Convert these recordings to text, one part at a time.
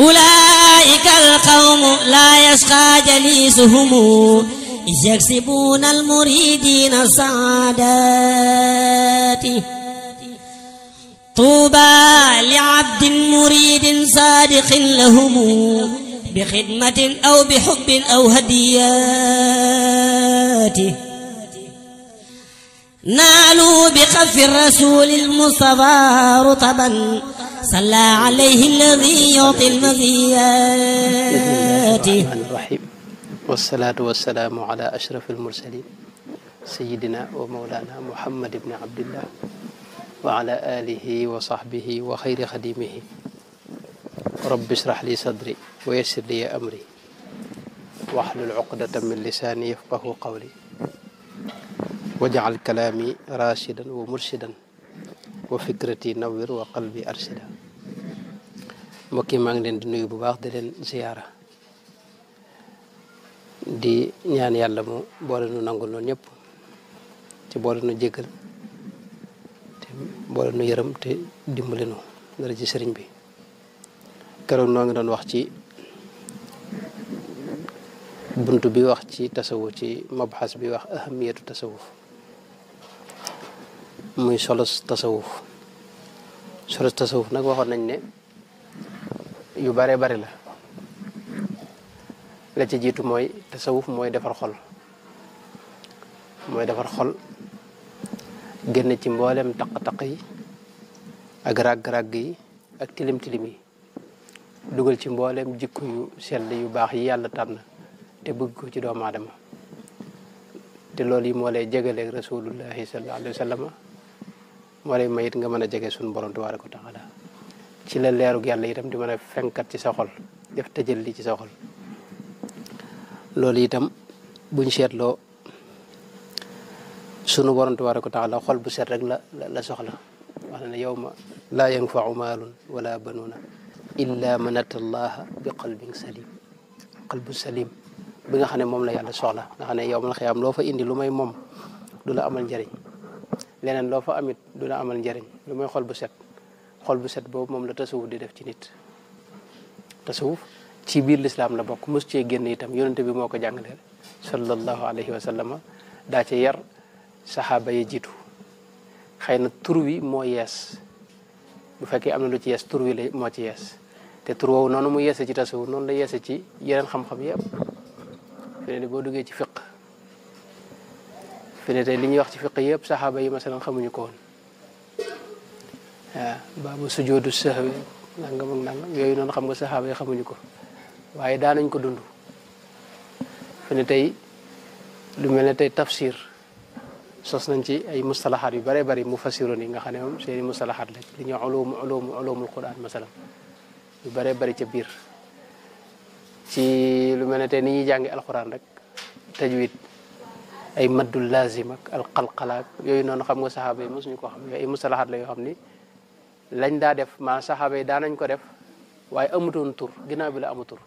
أولئك القوم لا يشقى جليسهم إذ يكسبون المريدين السعادات طوبى لعبد مريد صادق لهم بخدمة أو بحب أو هديات نالوا بخف الرسول المصطفى رطبا صلى عليه الذي يعطي المزيات الرحيم والصلاة والسلام على أشرف المرسلين سيدنا ومولانا محمد بن عبد الله وعلى آله وصحبه وخير خديمه رب اشرح لي صدري ويسر لي أمري واحلل عقدة من لساني يفقه قولي واجعل كلامي راشدا ومرشدا وفكرتي نور وقلبي أرشدا mbokk yi maa ngi leen di nuyu bu baax de leen ziyaara di ñaan yàlla mu boole nu nangul noonu ñëpp te boole nu jéggal te boole nu yërëm te dimbali nu dara ci sëriñ bi keroog noo ngi doon wax ci bunt bi wax ci tasawuf ci mabxas bi wax ahamiyatu tasawu muy solos tasawuf solos tasawuf nag waxoon nañ ne yu bare bari la la ci jiitu mooy tasawuf mooy defar xol mooy defar xol génn ci mboolem taq-taq yi ak ràgg-ràgg yi ak tilim-tilim yi dugal ci mboolem jikko yu sell yu baax yàlla yàlla na te bëgg ko ci doomu aadama te lool yi moo lay jegaleeg rasulullahi sallallahu alayhi wa sallam moo lay mayit nga mën a jege suñu borom tabaaraka wa taala ci la leerug yàlla itam di mën a fenkat ci sa def tëjal li ci sa xol loolu itam buñ loo sunu borom tabaaraka wa taala xol bu set rek la la soxla wax na ne yawma laa yanfau maalun wala banuuna illa man atallaha bi qalbin salim qalbu salim bi nga xam ne moom la yàlla soxla na xam ne yow mal xiyaam loo fa indi lu may moom du la amal njariñ leneen loo fa amit du la amal njariñ lu may xol bu set xol bu set boobu moom la tasawuf di def ci nit tasawuf ci biir lislaam la bokk mos cee génn itam yonente bi moo ko jàngaleel sallallahu alayhi wa sallama daa ci yar saxaaba ya jiitu xëy na tur wi moo yees bu fekkee am na lu ci yees tur wi la moo ci yees te tur woowu noonu mu yeese ci tasawuf noonu la yeese ci yeneen xam-xam yëpp fi ne boo duggee ci fiq fi ne li ñuy wax ci fiq yëpp saxaaba yi masalan xamuñu ko woon waaw baabu sujoodu sahwi nangam ak nangam yooyu noonu xam nga saxaaba yi xamuñu ko waaye daanañ ko dund fi ne tey lu mel ne tey tafsir sos nañ ci ay mustalaxaat yu bare bari mu fassiroon yi nga xam ne moom seeni mustalaxaat la li ñuy ulum ulum ulumul quran masalan yu bare bari ca biir ci lu mel ne tey ni ñuy jàngi alquran rek tajwid ay maddul lazim ak alqalqalaak yooyu noonu xam nga saxaaba yi mosuñu ko xam yooyu ay mustalaxaat la yoo xam ni lañ daa def ma saxaaba yi nañ ko def waaye amutoon tur ginnaaw bi la amu tur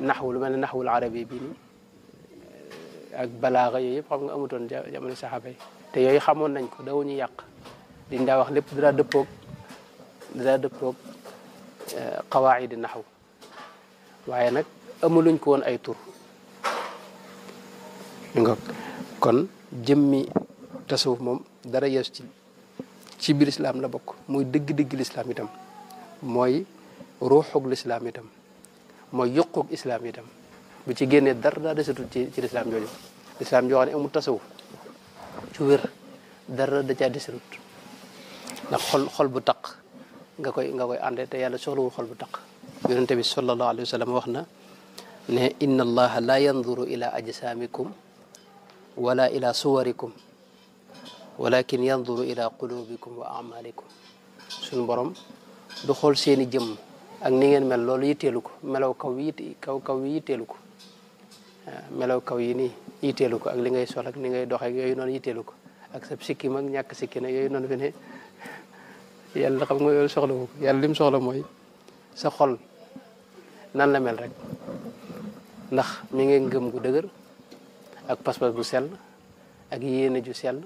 naxwu lu mel ne naxwul arabi bii eh, ak balaaga yooyu yëpp xam nga amutoon jamono saxaaba te yooyu xamoon nañ ko dawuñu yàq liñ daa wax lépp dara dëppoog dara dëppoog eh, qawaayidi naxw waaye nag amuluñ ko woon ay tur nga kon jëmmi tasawuf moom dara yeesu ci ci biir lislaam la bokk mooy dëgg-dëgg lislaam itam mooy ruuxug lislaam itam mooy yuqug islaam itam bu ci génnee dara daa desatul ci ci lislaam jooju lislaam joo xam ne ci wér dara da caa desatut xol xol bu taq nga koy nga koy àndee te yàlla soxlawul xol bu taq yonente bi sallallahu alayhi wa wax na ne inna allaha la yanduru ila ajsamikum wala ila suwarikum walakin yanduru ila qulubikum wa amalikum suñu borom du xool seeni jëm ak ni ngeen mel lool yitteelu ko melaw kaw yi kaw kaw yi yitteelu ko melaw kaw yi nii yitteelu ko ak li ngay sol ak ni ngay doxee yooyu noonu yitteelu ko ak sa sikki mag ñàkk sikki nag yooyu noonu fi ne yàlla xam nga yooyu soxla ko yàlla soxla mooy sa xol nan la mel rek ndax mi ngi ngëm gu dëgër ak pas bu sel ak yéene ju sell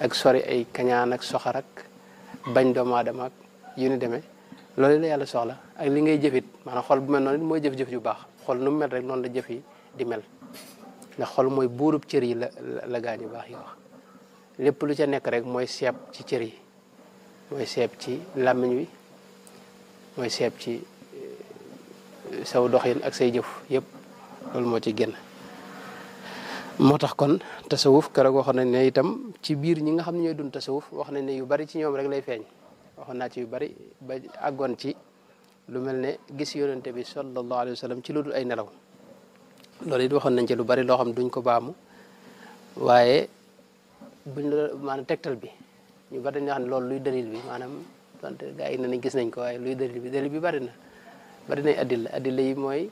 ak sori ay kañaan ak soxar ak bañ doomu aadama ak yu ni demee loolu la yàlla soxla ak li ngay jëfit maanaam xol bu mel noonu mooy jëf yu baax xol nu mu mel noonu la jëf yi di mel ndax xol mooy buurub cër yi la la yu baax yi wax lépp lu ca nekk rek mooy seeb ci cër yi mooy seeb ci làmmiñ wi mooy seeb ci eh, saw doxin ak say jëf yëpp loolu moo ci génn moo tax kon tasawuf keroog waxoon nañ ne itam ci biir ñi nga xam ne ñooy dund tasawuf wax nañ ne yu bari ci ñoom rek lay feeñ waxoon na ci yu bari ba àggoon ci lu mel ne gis yonente bi sallallahu alayhi wa ci lu dul ay nelaw loolu it waxoon nañ ci lu bari loo xam duñ ko baamu waaye buñ la maanaam tegtal bi ñu bari dañuy wax loolu luy dalil bi maanaam donte gaa yi ne gis nañ ko waaye luy dalil bi bi bari na bari nañ adilla adilla yi mooy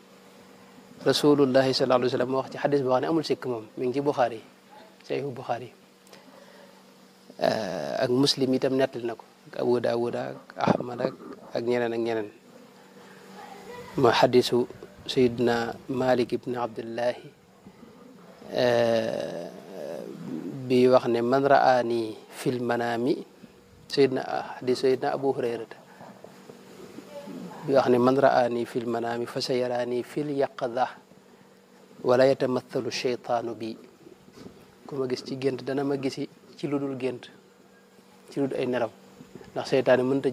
rasulullahi sallallahu alayhi wa moo wax ci xadis boo xam ne amul sikk moom mi ngi ci Buxaari sayhu Buxaari eh, ak muslim itam nettali na ko ak Abu Daawuda ak Ahmad ak ak ak ñeneen ma xadisu sayidna Malik ibn Abdullahi eh, bi wax man raani fil manaami sayidna xadis Abu Hurayrata bi wax ne man raani fil lmanaami fa sa yaraani fi lyaqda wala yatamathalu cheytaanu bi ku ma gis ci gént dana ma ci ci ay ndax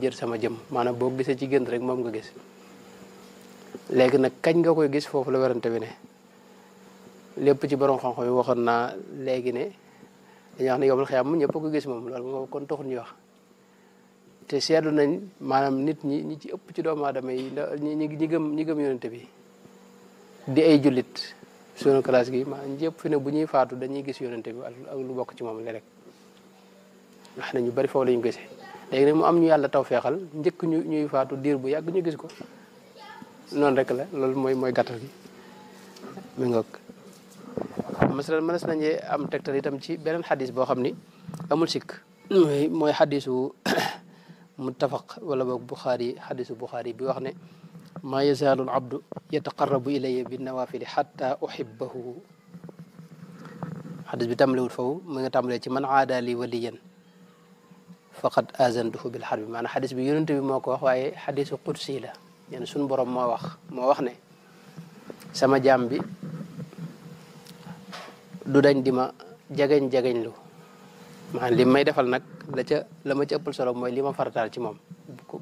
jër sama jëm mana boo gisee ci gént rek moom nga gis léegi nak kañ nga koy gis foofu la werante bi ne lépp ci borom xam-xam yi waxoon naa xiyam ko gis mom, loolu moom kon wax te seddu nañ manam nit ñi ñi ci ëpp ci doom aadama yi ñi ñi gëm ñi gëm yoonte bi di ay julit sunu classe gi ma ñepp fi ne bu ñuy faatu dañuy gis yoonte bi ak lu bok ci moom rek wax na bari fo lañu gëssé léegi nag mu am ñu yalla taw ñeek ñu ñuy faatu dir bu yag ñu gis ko non rek la lool moy moy gattal gi mi ngoog masalan mënees nañu am tektal itam ci benen hadith bo xamni ni amul sikk moy hadithu muttafaq wala Bukhari bukhari hadith bukhari bi waxne ma yazaalu abdu yataqarrabu ilayya bin nawafil hatta uhibbahu hadith bi wul fawu mu nga tamle ci man aada li waliyan faqad azanduhu bil harbi. man hadith bi yonente bi moko wax waye hadith qudsi la yani sun borom mo wax mo wax sama Jambi, dudain du dañ jagain lu maanaam li may defal nag la ca la ma ca ëppal solo mooy li ma farataal ci moom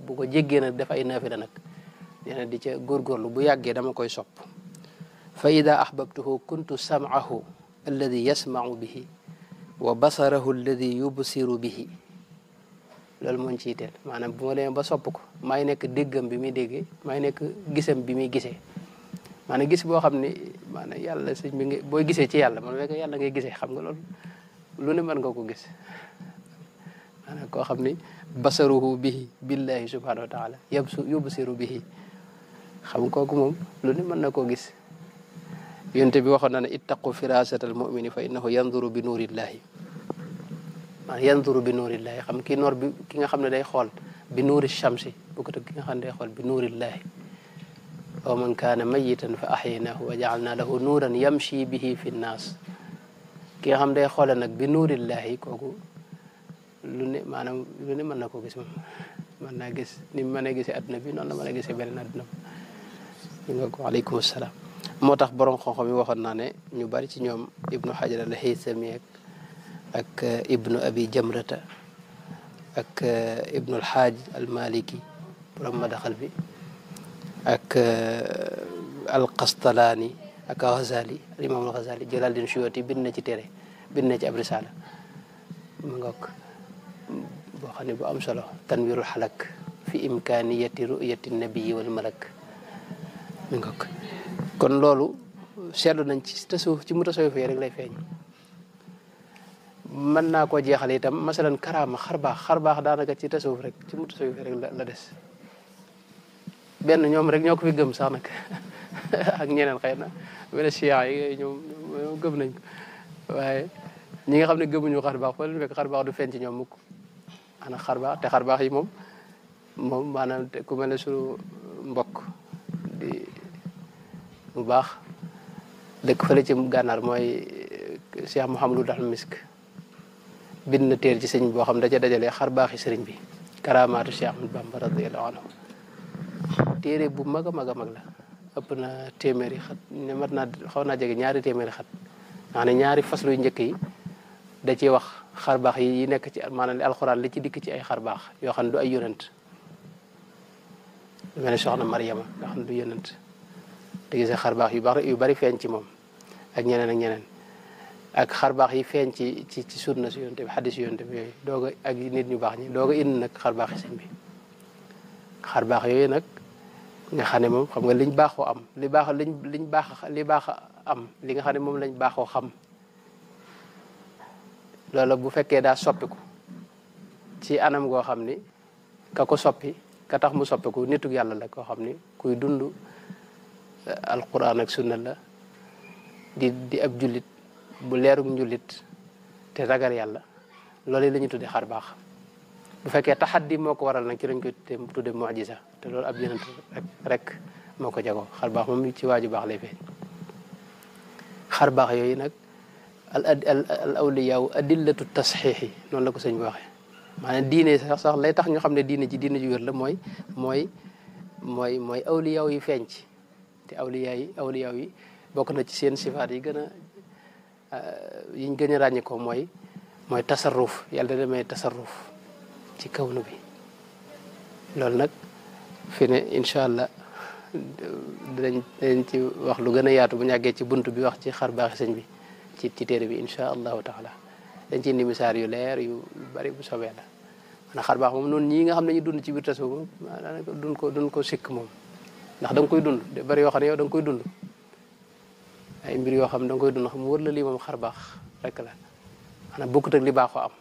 bu ko jéggee na def ay naafila nag nee di ca góorgóorlu bu yàggee dama koy sopp fa ida ahbabtuhu kuntu sam'ahu alladi bi bihi wa basarahu alladi bi bihi loolu moo ci itteel maanaam bu ba sopp ko maay nekk déggam bi muy maa maay nekk gisam bi muy gisee maanaam gis boo xam ne maanaam yàlla sëñ bi nga booy gisee ci yàlla man nekk yàlla ngay gisee xam nga loolu lu ne mën nga ko gis maanaam koo xam basaruhu bihi billahi subhanahu wa taala yabsu yubsiru bihi xam kooku moom lu ne mën na koo gis yonte bi waxoon na ittaqu firasat mumini fa innahu yanduru bi nuurillahi maanaam yanduru bi nuurillahi xam ki noor bi ki nga xam ne day xool bi nuuri shamsi bokkut ak ki nga xam day xool bi nuurillahi wa man kaana mayitan fa ahyaynahu wa jaalna lahu nuuran yamshi bihi fi nnaas ki nga xam day xoola nag bi nuurillahi kooku lu ne maanaam lu ne mën na koo gis moom mën naa gis ni mu mën a gisee adduna bi noonu la mën a gisee beneen adduna bi nga ko aleykum salaam moo tax borom xam-xam yi waxoon naa ne ñu bari ci ñoom ibnu xajar al xaysami ak ibnu abi jamrata ak ibnu alxaaj al maliki borom madaxal bi ak al qastalaani ak al ghazali al imam al ghazali jalaal din suyuti bind na ci tere bind na ci ab risaala ma ngoog boo xam ne bu am solo tanwirul xalak fi yati ru'yati nabiyi wal malak ma kon loolu seetlu nañ ci tasawuf ci mu tasawuf yi rek lay feeñ man naa koo jeexal itam masalan karaama xarbaax xarbaax daanaka ci tasawuf rek ci mu tasawuf rek la des benn ñoom rek ñoo ko fi gëm sax nag ak ñeneen xëy na wala siyaa yi ñoom gëm nañ ko waaye ñi nga xam ne gëmuñu xar baax fa lu fekk xar baax du feeñ ci ñoom mukk xar baax te xar baax yi moom moom maanaam ku mel ne mbokk di mu baax dëkk fële ci gànnaar mooy xam lu Dal Misk bind na teer ci sëñ boo xam daca dajalee xar baax baaxi sëriñ bi karaamaatu Cheikh Ahmadou Bamba radiyallahu anhu téere bu mag a mag a mag la ëpp na téeméeri xat ne mat naa xaw naa jege ñaari téeméeri xat nga xam ñaari faslu yu njëkk yi da ciy wax xar baax yi nekk ci maanaam li alxuraan li ci dikk ci ay xar baax yoo xam ne du ay yonent lu soxna Mariama nga xam ne du yonent te gis yu baax yu bari feeñ ci moom ak ñeneen ak ñeneen ak xarbaax yi feeñ ci ci ci sunna si yonent bi xadis yonent bi yooyu doog ak nit ñu baax ñi doog a indi nag xar yooyu nag. nga xamne mom xam nga liñ baxo am li bax liñ liñ bax li bax am li nga xamne mom lañ baxo xam lolo bu fekkee daa soppiku ci anam go xamni ka ko soppi ka tax mu soppiku nituk yalla la ko xamni kuy dundu eh, alquran ak sunna la di di ab julit bu leerug julit te ragal yalla lolé la tuddi xar baax bu fekkee taxaddi moo ko waral nag ci lañ koy tudde mujiza te loolu ab yonent rek rek moo ko jagoo xar baax moom ci waaju baax lay feeñ xar baax yooyu nag al al awliyaaw adillatu tasxiixi noonu la ko sëñ bi waxee maanaam diine sax sax lay tax ñu xam ne diine ji diine ji wér la mooy mooy mooy mooy awliyaaw yi feeñ ci te awliyaa yi awliyaaw yi bokk na ci seen sifaat yi gën a euh, yiñ gën a ràññee ko mooy mooy tasarruf yàlla da may tasarruf ci kaw kawnu bi loolu nag fi ne incha allah dinañ ci wax lu gën a yaatu bu ñàggee ci bunt bi wax ci xar baaxi sëñ bi ci ci téere bi incha allahu taala dañ ci ni misaar yu leer yu bari bu soobee la maanaam xar baax moom noonu ñii nga xam ne ñu dund ci biir tas moom daanaka dund ko dund ko sikk moom ndax da koy dund de bari yoo xam ne yow da koy dund ay mbir yoo xam ne da koy dund xam wër la lii xar baax rek la maanaam bokkut ak li baaxoo am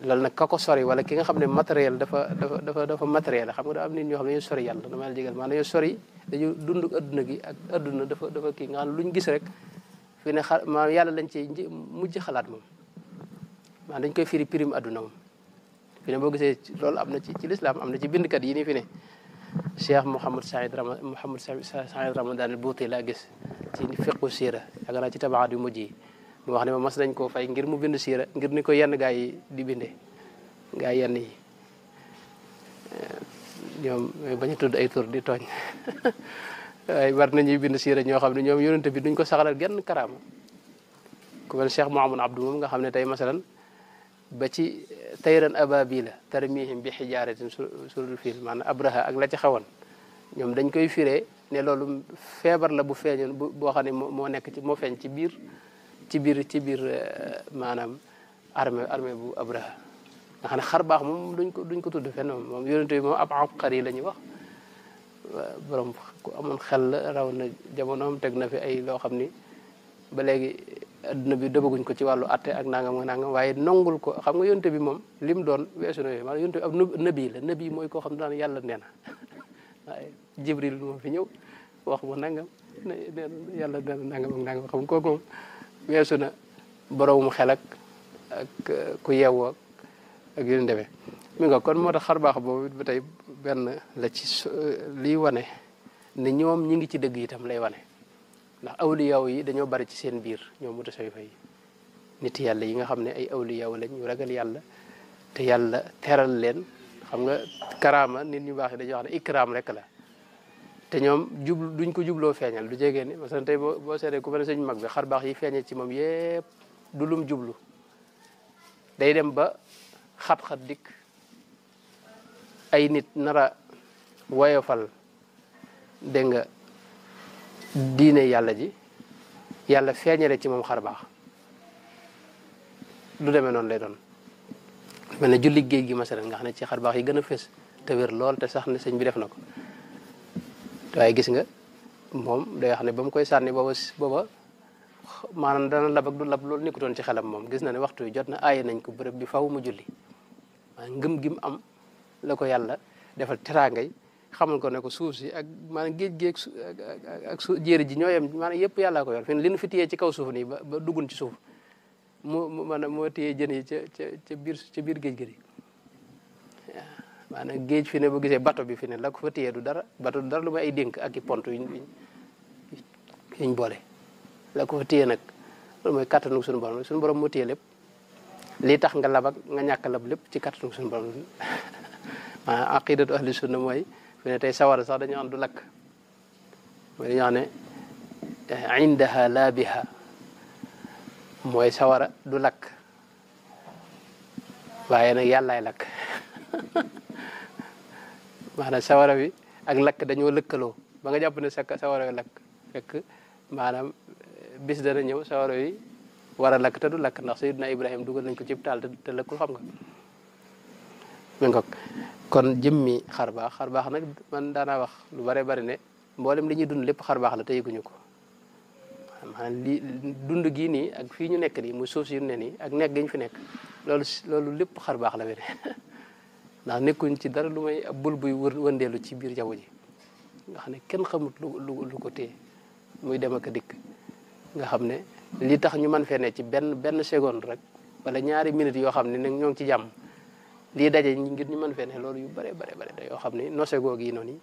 loolu nag ka sori wala ki nga xam ne matériel dafa dafa dafa dafa matériel xam nga da am nit ñoo xam ne dañoo sori yàlla dama la jégal maanaam dañoo sori dañu dund adduna gi ak adduna dafa dafa kii nga xam ne lu ñu gis rek fi ne xa maanaam yàlla lañ ci mujj xalaat moom maanaam dañ koy firi prime adduna moom fi boo gisee loolu am na ci ci lislaam am na ci bindkat yi nii fi ne cheikh Mouhamad Saïd Rama a Saïd Ramadan al Bouti laa gis ci fiqu siira yaakaar naa ci tabaxaat yu mujj yi mu wax ne ma mas nañ koo fay ngir mu bind siira ngir ni ko yenn gaa yi di bindee gaa yenn yi eh, ñoom bañ tudd ay tur di tooñ waaye war nañuy bind siira ñoo xam ne ñoom yonent bi duñ ko saxalal genn karaama ku mel Cheikh Mouhamadou Abdou moom nga xam ne tey masalan ba ci eh, tayran ababila tarmihim bi xijaratin sulul fiil maanaam abraha ak la ci xawoon ñoom dañ koy firee ne loolu feebar la bu feeñoon boo xam ne moo nekk ci moo feeñ ci biir ci biir ci biir eh, maanaam armée armée bu Abraha nga xam xar baax moom duñ ko duñ ko tudd fenn moom yonente bi moom ab xar yi wax borom ku amoon xel la raw na jamonoom teg na fi ay loo xam ni ba léegi adduna bi dëbaguñ ko ci wàllu atte ak nangam ak nangam waaye nongul ko xam nga yonte bi moom lim doon weesu na yooyu maanaam yonte bi ab nabi mooy koo xam daan yàlla nee na waaye jibril moo fi ñëw wax mu nangam yàlla nee na nangam nangam xam kooku moom weesu na boroomu xel ak ku yeewoo ak yu ñu mi nga kon moo tax xar baax boobu ba tey benn la ci liy wane ne ñoom ñi ngi ci dëgg itam lay wane ndax awliyaaw yi dañoo bari ci seen biir ñoom mu tasawuf yi nit yàlla yi nga xam ne ay awliyaaw lañu ñu yàlla te yàlla teral leen xam nga karaama nit ñu baax yi dañuy wax ne ikraam rek la te ñom jublu duñ ko jublo feñal du jégué ni parce que tay bo boo ku bénn sëñ mag bi xar bax yi feñé ci mom yépp du lum jublu day dem ba xap xat dik ay nit nara wayofal, de nga diiné yalla ji yalla feeñale ci mom xar bax du démé non lay don melni ne julli géej gi masalan nga xam ci xar bax yi gëna fess té wër lool té sax ne sëñ bi def nako waaye gis nga moom day wax ne ba mu koy sànni booba booba maanaam dana lab ak du lab loolu nekkutoon ci xelam moom gis na ne waxtu wi jot na aaye nañ ko bërëb bi faw mu julli maanaam ngëm gi am la ko yàlla defal teraangay xamal ko ne ko suuf si ak maan géej gi ak ak su jéeri ji ñooyam maanaam yëpp yàllaa ko yor fi ne li nu fi téyee ci kaw suuf nii ba ba duggun ci suuf mu maanaam moo téyee jën yi ca ca ca biir ca biir géej gi Mana gej fi ne bu gisee bato bi fi ne la ko fa téye du dara bato du dara lu may ay dénk ak i pont yuñ yuñ boole la ko fa téye nag lu may kattanu suñu borom suñu borom moo téye lépp li tax nga lab ak nga ñàkk lab lépp ci kattanu suñu borom maanaam aqidatu ahli sunna mooy fi ne tey sawara sax dañu am du lakk mooy dañu ne indaha la biha mooy sawara du lakk waaye nag yàllaay lakk maanaam sawara wi ak lakk dañoo lëkkaloo ba nga jàpp ne sa sawara wi lakk fekk maanaam eh, bis dana ñëw sawara wi war a lakk te du lakk ndax Sayyidina Ibrahima dugal nañ ko cib taal te lëkkul xam nga mi ngoog kon jëmmi xar baax xar baax nag man daanaa wax lu bare bari ne mboolem li ñuy dund lépp xar baax la te yëguñu ko maanaam dund gii ni ak fii ñu nekk nii mu suuf si yu ne ni ak nekk gi ñu fi nekk loolu loolu lépp xar baax la wene ndax nekkuñ ci dara lu may bul buy wër wëndeelu ci biir jaww ji nga xam ne kenn xamut lu lu lu ko téye muy dem ak dikk nga xam ne li tax ñu mën fee ne ci benn benn seconde rek wala ñaari minutes yoo xam ne nag ñoo ngi ci jàmm lii daje ngir ñu mën fee ne loolu yu bare bare bare yoo xam ne nose googu yi noonu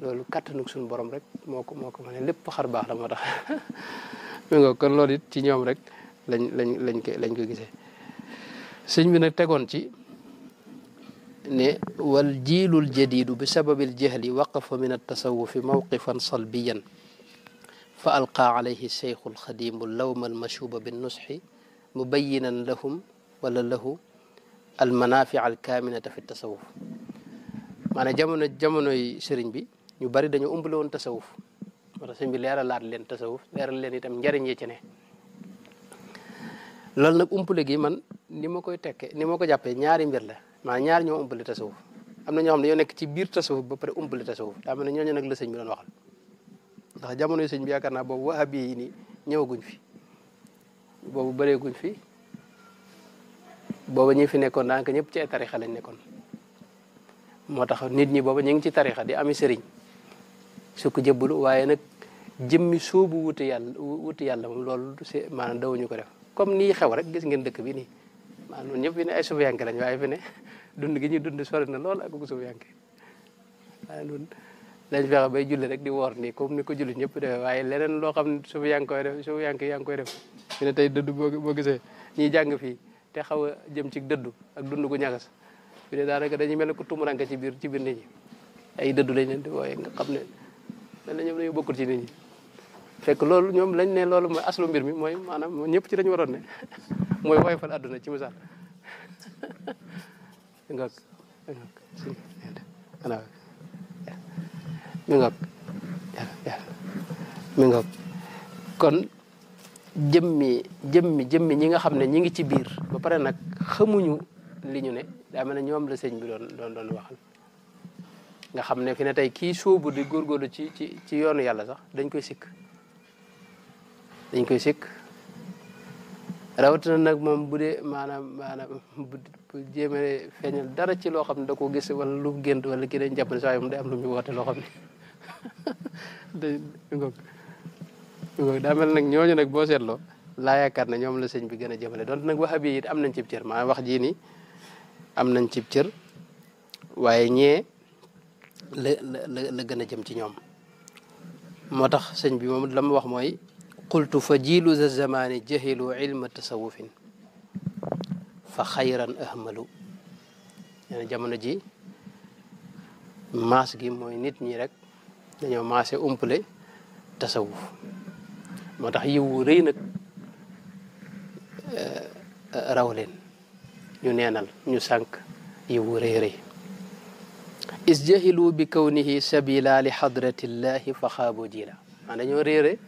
loolu kattanu suñu borom rek moo ko moo ko mën lépp xar baax la moo tax mi nga kon loolu ci ñoom rek lañ lañ lañ ko lañ ko gisee sëñ bi nag tegoon ci والجيل الجديد بسبب الجهل وقف من التصوف موقفا صلبيا فألقى عليه الشيخ الخديم اللوم المشوب بالنصح مبينا لهم ولا له المنافع الكامنة في التصوف معنا جمعنا جمعنا سرين بي يبارد أن يؤمن لهم التصوف ورسم بي لأرى لأرى لأن التصوف لأرى لأن يتم جارين يتنى لأن يؤمن لهم نمو كوي تكي نمو كوي جابي نياري مرلا ma ñaar ñoo umpale tasawuf am na ñoo xam ne ñoo nekk ci biir ta suuf ba pare ta suuf daa mel ne ñooñu nag la sëñ bi doon waxal ndax jamono yi sëñ bi yaakaar naa boobu wahabi yi ni ñëwaguñ fi boobu bëreeguñ fi booba ñi fi nekkoon daanaka ñëpp ci ay tarixa lañ nekkoon moo tax nit ñi booba ñu ngi ci tarixa di ami sëriñ su ko jëbbalu waaye nag jëmmi soobu wuti yàlla wuti yàlla moom loolu maanaam dawuñu ko def comme nii xew rek gis ngeen dëkk bi nii waaw ñun ñëpp fi ne ay suufiyanke lañ waaye fi ne dund gi ñuy dund sori na lool ak ko suufiyanke waaye ñun dañ fexe bay julli rek di woor ni comme ni ko julli ñëpp defee waaye leneen loo xam ne suufiyanke koy def suufiyanke yaa ngi koy def ne tey dëdd boo boo gisee ñiy jàng fii te xaw a jëm ci dëdd ak dund gu ñagas daanaka dañuy mel ne ku tumuranke ci biir ci biir nit ay dëdd lañ leen xam ne mel na ñoom ci nit fekk loolu ñoom lañ ne loolu mooy aslu mbir mi mooy maanaam ñëpp ci lañ waroon ne mooy woy fal àdduna ci misaal mi ngoog mi ngoog mi ngoog kon jëmmi jëmmi ñi nga xam ne ñi ngi ci biir ba pare nag xamuñu li ñu ne daa mel ne ñoom la sëñ bi doon doon waxal nga xam ne fi ne tey kii sóobu di góorgóorlu ci ci ci yoonu yàlla sax dañ koy sikk dañ koy sikk rawatina nag mom budé manam manam maanaam bu jéeme feeñal dara ci lo xamné da ko gis wala lu gént wala ki dañ jàpp ne saa day am lu ñu woté lo xamné de ngok ngok da mel nak ñoñu nak bo sétlo la yaakaar na ñom la señ bi gëna jëmele don nak wahabi yi am nañ ci cër ma wax ji ni am nañ ci cër waye ñé le le le gëna jëm ci ñom motax señ bi mom lam wax moy qultu fa jiilu za zamani jahilu ilma tasawufin fa xayran ahmalu nee na ji mas gi mooy nit ñi rek dañoo maase umpale tasawuf moo tax yiw wu rëy nag eh, raw ñu neenal ñu sànq yiw wu rëy is jahilu bi kawnihi sabila li xadratillahi fa xaabo jila maa dañoo réere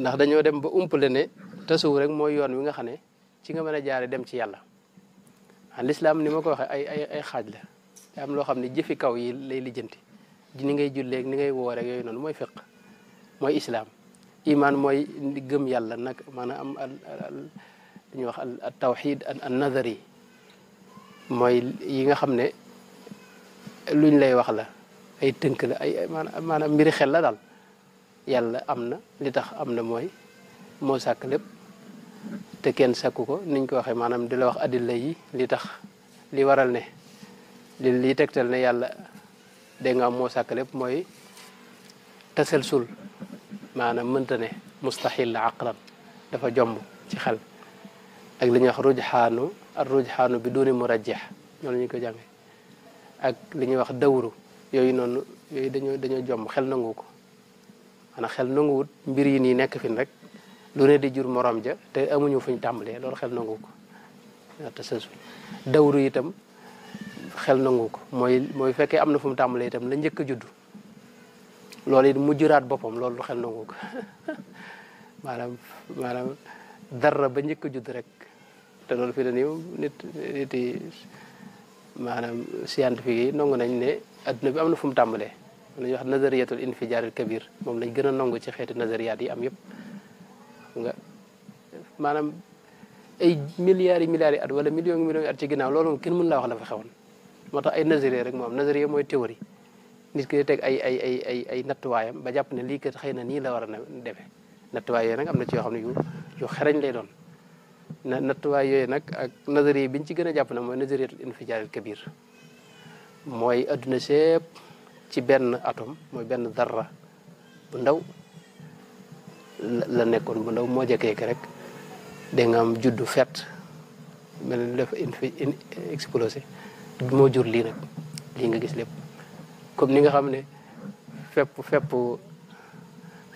ndax dañoo dem ba la ne tasawuf rek mooy yoon wi nga xam ne ci nga mën a jaare dem ci yàlla ah lislaam ni ma ko waxee ay ay xaaj la daa loo xam ne jëfi kaw yi lay lijjanti ni ngay julleeg ni ngay wooree yooyu noonu mooy fiq mooy islaam iman mooy gëm yàlla nag maanaam al al li ñuy wax al tawxid mooy yi nga xam ne luñ lay wax la ay tënk la ay maanaam mbiri xel la daal yàlla am na li tax am na mooy moo sàkk lépp te kenn sàkku ko niñ ko waxee maanaam di la wax adilla yi li tax li waral ne li li tegtal ne yàlla dégg nga am moo sàkk lépp mooy tasalsul maanaam mënta ne mustaxil la dafa jomb xel ak li ñuy wax rujxaanu ak bi duuni mu rajjeex ñoo la ñu ko jàngee ak li ñuy wax dawru yooyu noonu yooyu dañoo dañoo jomb xel nangu ko xanaa xel nanguwut mbir yi nii nekk fin rek lu ne di jur morom ja te amuñu fuñ tàmbalee loolu xel nangu ko itam xel nangu ko mooy fekkee am na fu mu tàmbalee itam la njëkk a judd loolu it mu juraat boppam loolu lu xel nangu ko maanaam dara ba njëkk a judd rek te loolu fi na nit nit yi maanaam scientifique yi nangu nañ ne adduna bi am na fu mu tàmbalee lu ñuy wax nazariyatul infijaaril kabir moom lañ gën a nangu ci xeetu nazariyaat yi am yëpp nga maanaam ay milliards yi milliards yi at wala millions millions yi at ci ginnaaw loolu moom kenn mën laa wax la fa xewoon moo tax ay nazariya rek moo am nazariya mooy théorie nit ki di teg ay ay ay ay ay nattuwaayam ba jàpp ne lii kat xëy na nii la war a defee nattuwaay yooyu nag am na ci yoo xam ne yu yu xereñ lay doon na nattuwaay yooyu nag ak nazariya bi ñu ci gën a jàpp na mooy nazariyatul infijaaril kabir mooy adduna sépp ci ben atom moy ben dara bu ndaw la nekkon bu ndaw mo jekkeeke rek de nga am juddu fet mel ni in explosé mo jur li nak li nga gis lepp comme ni nga xamne ne fep fep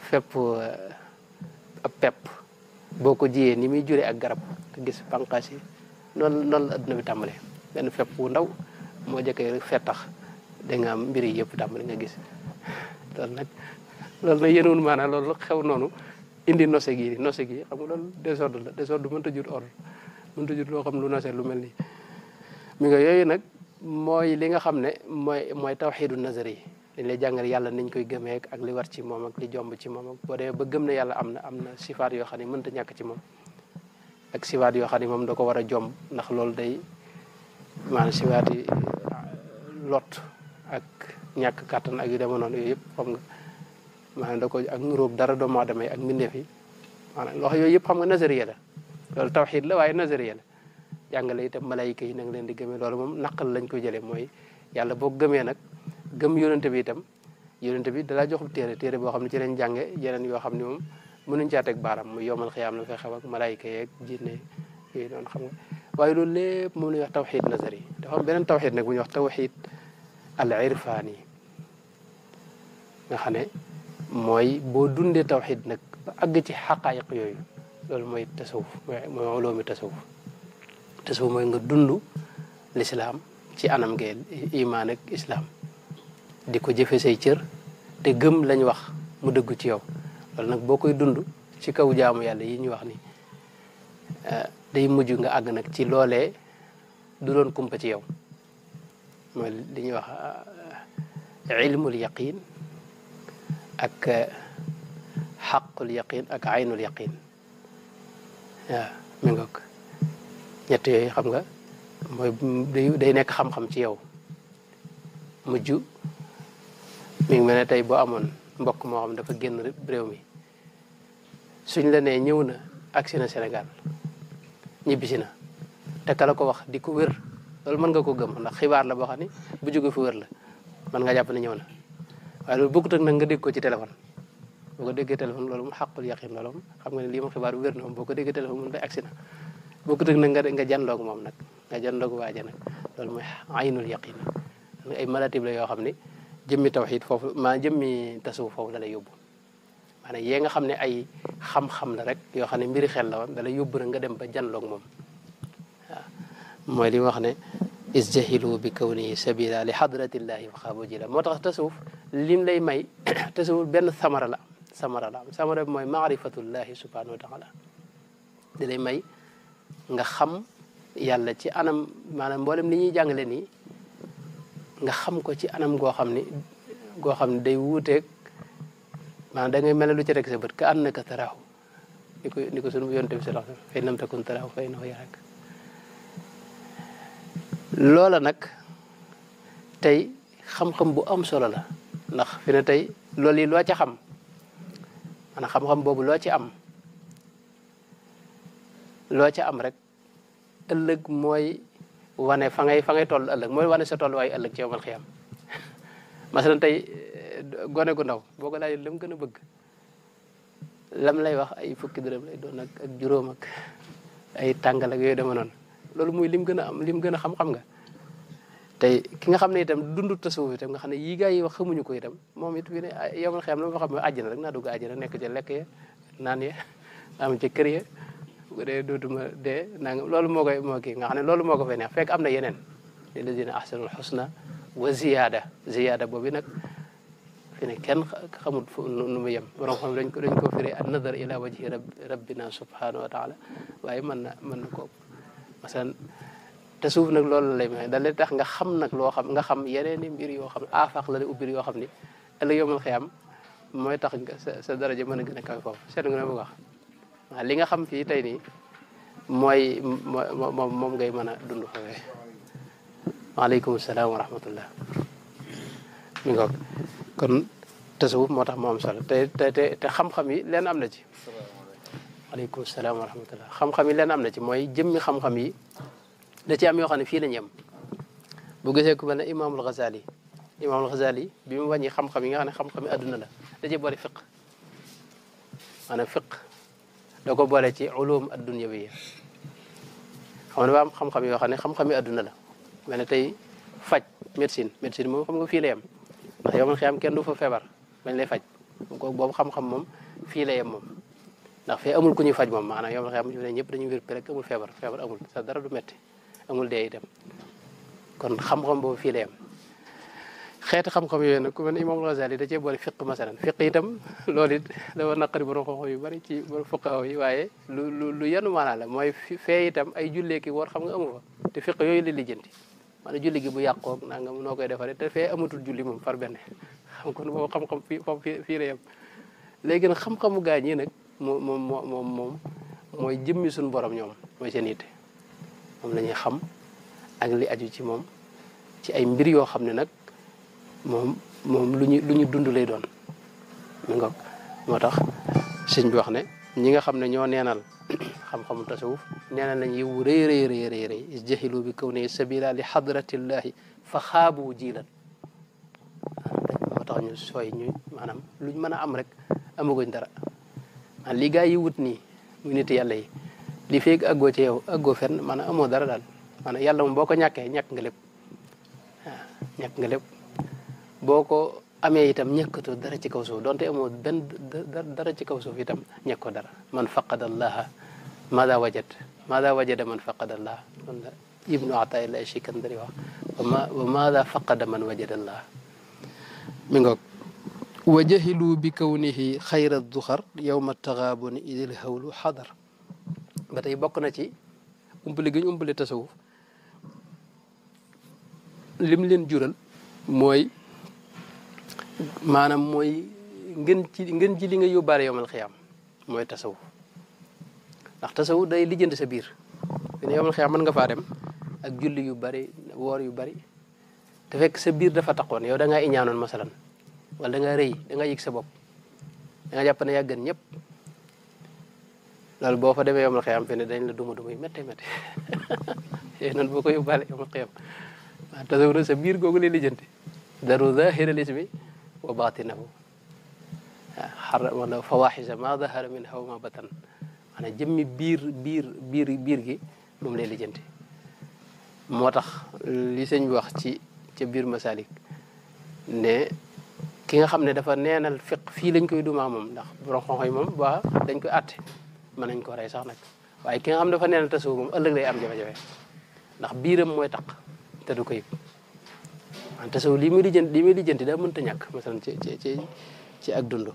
fepp pep boko jiyé ni mi juri ak garab nga gis pankasi non non la bi tambalé ben fep wu ndaw mo rek fetax da nga am mbir yi yëpp tàmbali nga gis loolu nag loolu nag yéenewul maanaam loolu xew noonu indi nose gi nose gi xam nga loolu désordre la désordre mënta jur ordre mënta jur loo xam lu nose lu mel nii mi nga yooyu nag mooy li nga xam ne mooy taw tawxiidu nazar yi dañ lay jàngal yàlla niñ koy gëmee ak li war ci moom ak li jomb ci moom ak boo ba gëm ne yàlla am na am na sifaat yoo xam ne mënta ñàkk ci moom ak sifaat yoo xam ne moom da ko war a jomb ndax loolu day maanaam sifaat yi lot ak ñàkk kàttan ak yu deme noonu yooyu yëpp xam nga maanaam da ko ak nuróob dara doomu aadama yi ak mbindeef yi maanaam loxo yëpp xam nga nazariya la loolu tawxiid la waaye nazariya la jàngale itam malayka yi na leen di gëmee loolu moom naqal lañ ko jëlee mooy yàlla boo gëmee nag gëm yonente bi itam yonente bi dalaa joxub téere téere boo xam ne ci leen jànge yeneen yoo xam ne moom mënuñ caa teg baaraam muy yomal xiyaam la fay xew ak malayka yeeg jinne yooyu doon xam nga waaye loolu lépp moom la ñuy wax tawxiid nazari dafa am beneen tawxiid nag bu ñuy wax tawxiid al irfaani nga xam ne mooy boo dundee tawxid nag ba àgg ci xaqaayiq yooyu loolu mooy tasawuf mooy uloomi mooy nga dund lislaam ci anam gee imaan ak islaam di ko jëfe say cër te gëm lañ wax mu dëggu ci yow loolu nag boo koy dund ci kaw jaamu yàlla yi ñu wax ni eh, day mujj nga àgg nag ci loolee du doon kumpa ci yow mooy li ñuy wax euh, ilmul yaqin ak euh, xaqul yaqin ak aynul yaqin waaw mi ngoog ñett yooyu xam nga mooy day nekk xam-xam ci yow mujj mi ngi mel ne tey boo amoon mbokk moo xam dafa génn réew mi suñ la nee ñëw na agsi na Sénégal ñibbisi na te kala ko wax di ko wér loolu mën nga ko gëm ndax xibaar la boo xam ne bu jóge fu wér la mën nga jàpp ne ñëw na waaye loolu bokkut ak nag nga dégg ko ci téléphone boo ko déggee téléphone loolu mu xàqul yaqin loolu moom xam nga ne lii moom xibaar bu wér na moom boo ko déggee téléphone mun day agsi na bokkut ak nag nga nga jàndoog moom nag nga jàndoog waaja nag loolu mooy aynul yaqin ay maratib la yoo xam ne jëmmi tawxid foofu maa jëmmi tasawuf foofu la lay yóbbu maanaam yee nga xam ne ay xam-xam la rek yoo xam ne mbiri xel la woon da lay yóbbu na nga dem ba jàndoog moom mooy li wax ne isjahilu bi kawnihi sabila li xadratillahi fa xaabu jila moo tax tasawuf lim lay may tasawuf benn samara la samara la samara bi mooy maarifatullahi subhanahu wa taala da lay may nga xam yàlla ci anam maanaam mboolem li ñuy jàngale nii nga xam ko ci anam goo xam ni goo xam ne day wuuteeg maanaam da ngay mel ne lu ci rek sa bët ka annaka taraahu ni ko ni ko sunu yonent bi sallallahu alayhi wa sallam fa in lam takun taraahu fa innahu yarak loola nag tey xam-xam bu am solo la ndax fi ne tey loolu yi loo ca xam maanaam xam-xam boobu loo ci am loo ca am rek ëllëg mooy wane fa ngay fa ngay toll ëllëg mooy wane sa tollu tolluwaayu ëllëg ci yomal xiyam masalan tey eh, gone gu ndaw boo ko laajee lam gën a bëgg lam lay wax ay fukki dërëm lay doon ak juróomak ay tàngal ak yooyu dama noonu loolu mooy lim gën a am lim gën a xam-xam nga te ki nga xam ne itam dundut tasawuf itam nga xam ne yii gars wax xamuñu ko itam moom it bi ne ah, yow xam la ma rek naa dugg nekk ca lekk ya naan ya am kër ya dootuma dee naa loolu moo koy moo kii nga xam ne loolu moo ko fay neex fekk am na yeneen lillazina ahsanul husna wa ziyaada ziyaada boobu nag fi ne kenn xamul fu nu mu yem borom xam dañ ko dañ ko firee an nazar ila wajhi rabbina subhanahu wa taala waaye mën na mën na kooku parce que te suuf nag loolu lay may da lay tax nga xam nag loo xam nga xam yeneen i mbir yoo xam aafaq la lay ubbir yoo xam ni ëllëg yomal xiyam mooy tax sa sa daraja mën a gën a kawe foofu seet nga ne bëgg wax waaw li nga xam fii tey nii mooy moom moom ngay mën a dund foofee waaleykum salaam wa rahmatullah mi ngoog kon tasawuf moo tax mu am solo te te te xam-xam yi leen am na ci aleykum salaam wa rahmatullah xam-xam yi leen am na ci mooy jëmmi xam-xam yi da ci am yoo xam ne fii la ñu am bu gisee ku mel ne imaamul Ghazali imaamul Ghazali bi mu wàññi xam-xam yi nga xam ne xam-xam yi adduna la da ci boole fiq maanaam fiq da ko boole ci ulum addunyawiya xam ne ba am xam-xam yoo xam ne xam-xam yi adduna la mel ne tey faj médecine médecine moom xam nga fii la yem ndax yow man xiyam kenn du fa feebar dañ lay faj ko boobu xam-xam moom fii la yem moom ndax fee amul ku ñuy faj moom maanaam yow xam ne ñëpp dañuy wér rek amul feebar feebar amul sa dara du metti amul dee itam kon xam-xam boobu fii la yem xeeti xam-xam yooyu nag ko mel ne imam Ghazali da cee boole fiq masalan fiq itam loolu it dafa naqari borom xam-xam yu bëri ci borom fuqaaw yi waaye lu lu lu yenn maanaa la mooy fee itam ay julleeki woor xam nga amu te fiq yooyu la lijjanti maanaam julli gi bu yàqoog naa nga noo koy defaree te fee amatul julli moom par benn xam kon boobu xam-xam fii fii fii léegi nag xam-xamu gaañ nag moom moom moom moom mooy jëmmi suñu borom mooy seen yitte moom la xam ak li aju ci moom ci ay mbir yoo xam ne nag moom moom lu ñu lu ñu dund lay doon mi moo tax sëñ bi wax ne ñi nga xam ne ñoo neenal xam-xamu tasawuf neenal nañ yiw rëy rëy rëy rëy rëy is jaxilu bi kaw fa xaabu jiilan moo tax ñu maanaam luñ mën a am rek amaguñ dara man ah, li yi wut ni muy nit yàlla li feeg àggoo ci yow àggoo fenn maanaam amoo dara daal maanaam yàlla moom boo ko ñàkkee ñàkk nga lépp waaw ah, ñàkk boo ko amee itam ñàkkatoo dara ci kaw suuf donte amoo benn dara ci kaw suuf itam ñàkkoo dara man faqada allaha maada wajad maada wajada man faqada allaha la ibnu ataillah chikandari wax wa maada faqada man wajada allaha mi ngoog wa jahilu bi kawnihi xayra duxar yowma taxaabuni idil hawlu xadar ba tey bokk na ci umpale gi ñu umpale tasawuf lim leen jural mooy maanaam mooy ngeen ci ngeen ji li nga yóbbaale yowmal xiyaam mooy tasawuf ndax tasawuf day lijjanti sa biir ne yowmal xiyaam mën nga faa dem ak julli yu bari woor yu bari te fekk sa biir dafa taxoon yow da ngaa iñaanoon masalan wala da nga rëy da nga yëg sa bopp da nga jàpp ne yaa gën ñëpp boo fa demee yomal xiyam fi ne dañ la duma duma yu métte métte yooyu noonu boo ko yóbbaale yomal xiyam waaw tasawur sa biir googu lay lijjanti daru zahiral ismi wa batinahu xarama fawaxisa ma dahara min haw ma batan maanaam jëmmi biir biir biir gi moom lay lijjanti moo tax li sëñ bi wax ci ca biir masalik ne ki nga xam ne dafa neenal fiq fii lañ koy dumaa moom ndax borom xonxo yi moom waa dañ koy àtte mën nañ ko rey sax nag waaye ki nga xam ne dafa neenal tasawuf moom ëllëg day a jafe-jafe ndax biiram mooy taq te du ko yëg lii muy lijjanti lii muy lijjanti daa mënta ñàkk masalan ci ci ci ci ak dund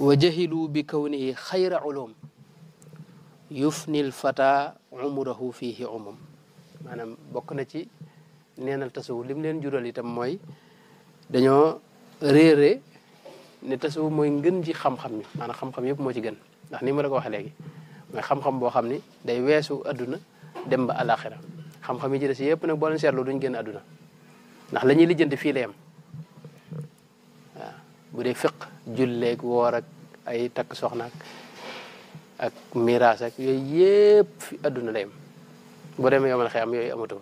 wa jahilu bi kawnihi xayra ulum yufnil fata umurahu fihi umum maanaam bokk na ci neenal tasawuf li mu leen jural itam mooy réere ne tasawuf moy ngën ci xam-xam ni maanaam xam-xam yëpp mo ci gën ndax ni ma la ko waxee léegi moy xam-xam bo xamni day weesu aduna dem ba alaxira xam-xam yi ci dess yëpp nak bo len seetloo duñu génn aduna ndax lañuy lijeenti fi fii la bu dee fiq julleeg ak ay tak soxna ak ak miraas ak yoy yëpp fi aduna la yem bu demee yowal xeyam yoy amatu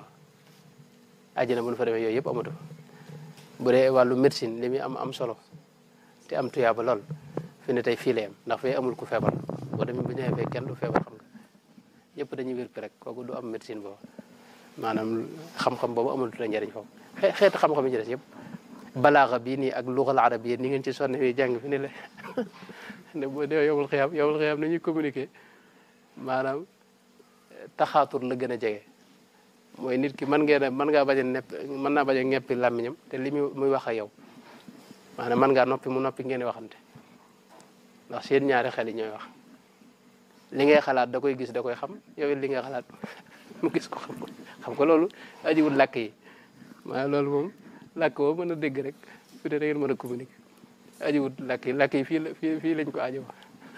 fa bu fa demee yoy yëpp amatu bu dee wàllu médecine li muy am am solo te am ba lool fi ne tey fii la ndax fee amul ku feebar boo demee bu ñëwee fee kenn du feebar xam nga ñëpp dañuy wér rek kooku du am médecine boobu maanaam xam-xam boobu tu la njariñ foofu xeet xam-xam yi ci des yëpp balaaxa bii nii ak luxal arabiyya ni ngeen ci sonne fii jàng fi ne la ne boo dee yowul xiyaam yowul xiyaam ni ñuy communiquer maanaam taxaatur la gën a jege mooy nit ki mën ngeen a mën ngaa bañ a nepp mën naa bañ a ñeppi làmmiñam te li muy muy wax ak yow maanaam mën ngaa noppi mu noppi ngeen waxante ndax seen ñaari xel yi wax li ngay xalaat da koy gis da koy xam yow it li ngay xalaat mu gis ko xam ko loolu ajiwul làkk yi maanaam loolu moom làkk boo mën a dégg rek su dee da ngeen mën a communiquer ajiwut yi làkk yi fii la fii lañ ko ajo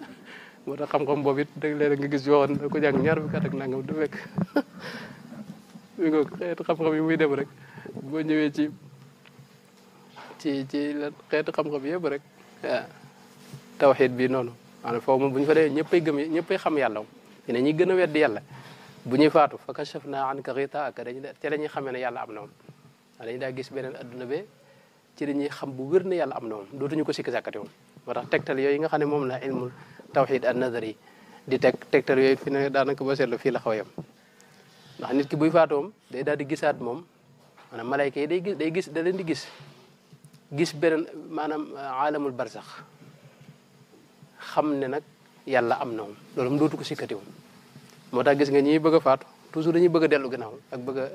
moo tax xam-xam boobu it dëgg léeg nga gis yoo xam ko jàng ñaar fukki at ak nangam du fekk mi nga xeetu xam-xam rek boo ñëwee ci ci ci lan xeetu xam-xam yëpp rek waaw tawxiid bi noonu maanaam foofu moom bu ñu fa dee ñëppay gëm ñëppay xam yàlla moom ñeneen ñi gën a weddi yàlla bu ñuy faatu fa kashafnaa anka ghitaa'aka dañuy te la xamee ne yàlla am na moom dañu daa gis beneen adduna be ci la ñuy xam bu wér na yàlla am na moom dootuñu ko sikki sàkkati moom moo tax tegtal yooyu nga xam ne moom la ilmul tawxiid an nadari di teg tegtal yooyu fi ne daanaka ba seetlu fii la xaw yam ndax nit ki buy faatoom day daal di gisaat moom maanaam malayka yi day gis gis da leen di gis gis beneen maanaam uh, aalamul barsax xam ne nag yàlla am na moom loolu mu dootu ko sikkatiw moo tax gis nga ñi bëgg a faatu toujours dañuy bëgg a dellu gannaaw ak bëgg a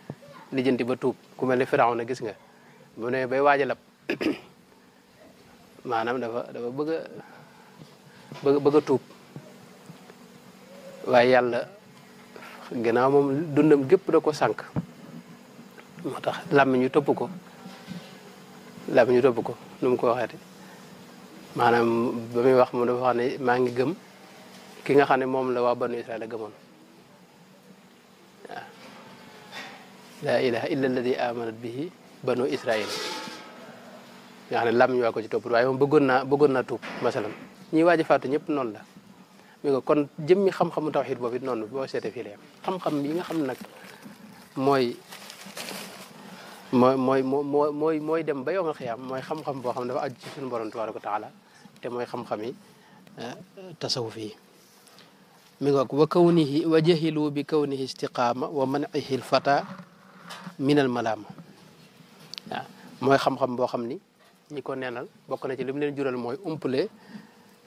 lijjanti ba tuub ku mel ne firaw na gis nga mu ne bay waaj a lab maanaam dafa dafa bëgg a a tuub waaye yàlla ginnaaw moom dundam gépp da ko sànq moo tax làmmiñ ñu topp ko làmmiñ ñu topp ko nu mu ko waxeeti maanaam ba muy wax moom dafa wax maa ngi gëm ki nga xam ne moom la waa banu Israel a gëmoon waaw laa ilaha illa alladi amanat bihi banu Israel nga xam ne làmmiñ waa ko ci topp waaye moom bëggoon naa bëggoon naa tuub masalan ñi waaj a faatu ñëpp noonu la mi nga kon jëmmi xam-xamu tawxiid boobu it noonu boo seetee fii la yem xam-xam yi nga xam nag mooy mooy mooy moo mooy mooy dem ba yowmal xiyaam mooy xam-xam boo xam dafa aju ci suñu borom tabaaraka wa taala te mooy xam-xam yi tasawuf yi mi nga wa kawnihi wa jahilu bi kawnihi istiqaama wa manihi lfata min al malaama waaw mooy xam-xam boo xam ni ñi ko neenal bokk na ci li mu leen jural mooy umpale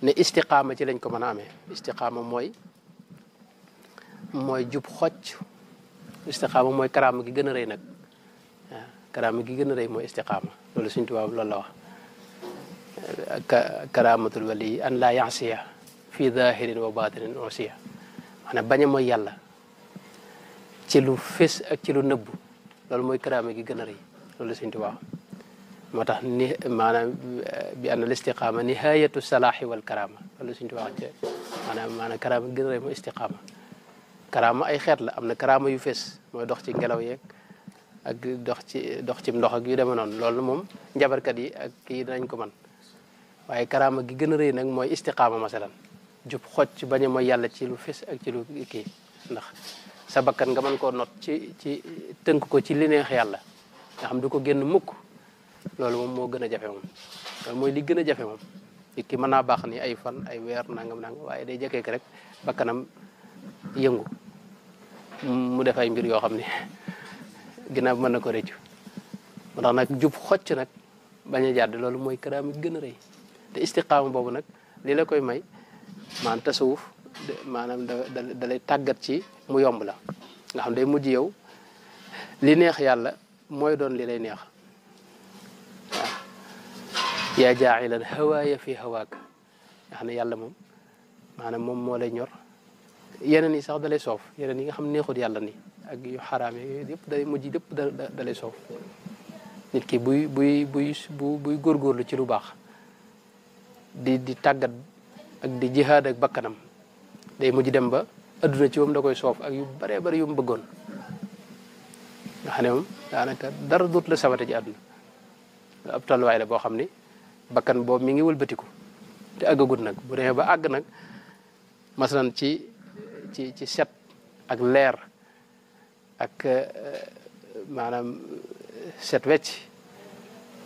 ne istiqaama ci lañ ko mën a amee istiqaama mooy mooy jub xocc istiqaama mooy karaama gi gën a rëy nag waaw karaama gi gën a rëy mooy istiqaama loolu suñ tubaab loolu la wax karaamatul an laa yansiya fi zahirin wa batinin onsiya maanaam bañ a mooy yàlla ci lu fés ak ci lu nëbbu loolu mooy karaama gi gën a rëy loolu suñ moo tax ni maanaam eh, bi anna al istiqaama nihayatu salaahi wal karama loolu suñu wax ci maanaam karama gën a rëy mooy istiqaama karama ay xeet la am na karama yu fees mooy dox ci ngelaw yeeg ak dox ci dox ci ndox ak yu demee moom njabarkat yi ak kii dinañ ko man waaye karama gi gën a rëy nag mooy istiqaama masalan jub xoj ci bañ a yàlla ci lu fees ak ci lu kii ndax sa bakkan nga man koo not ci ci tënk ko ci li neex yàlla nga xam du ko génn mukk loolu moom moo gën a jafe moom loolu mooy li gën a jafe moom nit ki mën naa baax ni ay fan ay weer nangam nangam waaye day jekkeek rek bakkanam yëngu mu def ay mbir yoo xam ne ginnaaw mën na ko rëccu moo tax nag jub xocc nag bañ a jàdd loolu mooy karaama gën a rëy te istiqaama boobu nag lii la koy may maanaam tasawuf maanaam da da tàggat ci mu yomb la nga xam day mujj yow li neex yàlla mooy doon li lay neex ya jaacilan hawaaya fi hawaaka nga xam ne yàlla mom maanaam moom moo lay ñor yeneen yi sax dalay sof yeneen yi nga xam neexut yalla ni ak yu xaraam yooyu day mujj yëpp dalay sof nit ki buy buy buy gor gor lu ci lu bax di di tagat ak di jihad ak bakkanam day mujj dem ba aduna ci moom da koy sof ak yu bare bare yu mu bëggoon nga xam ne dara dut la sawata ci aduna ab way la bo xamni bakkan boobu mi ngi wëlbatiku te àggagut nag bu demee ba àgg nag masalan ci ci ci set ak leer ak eh, maanaam eh, set wecc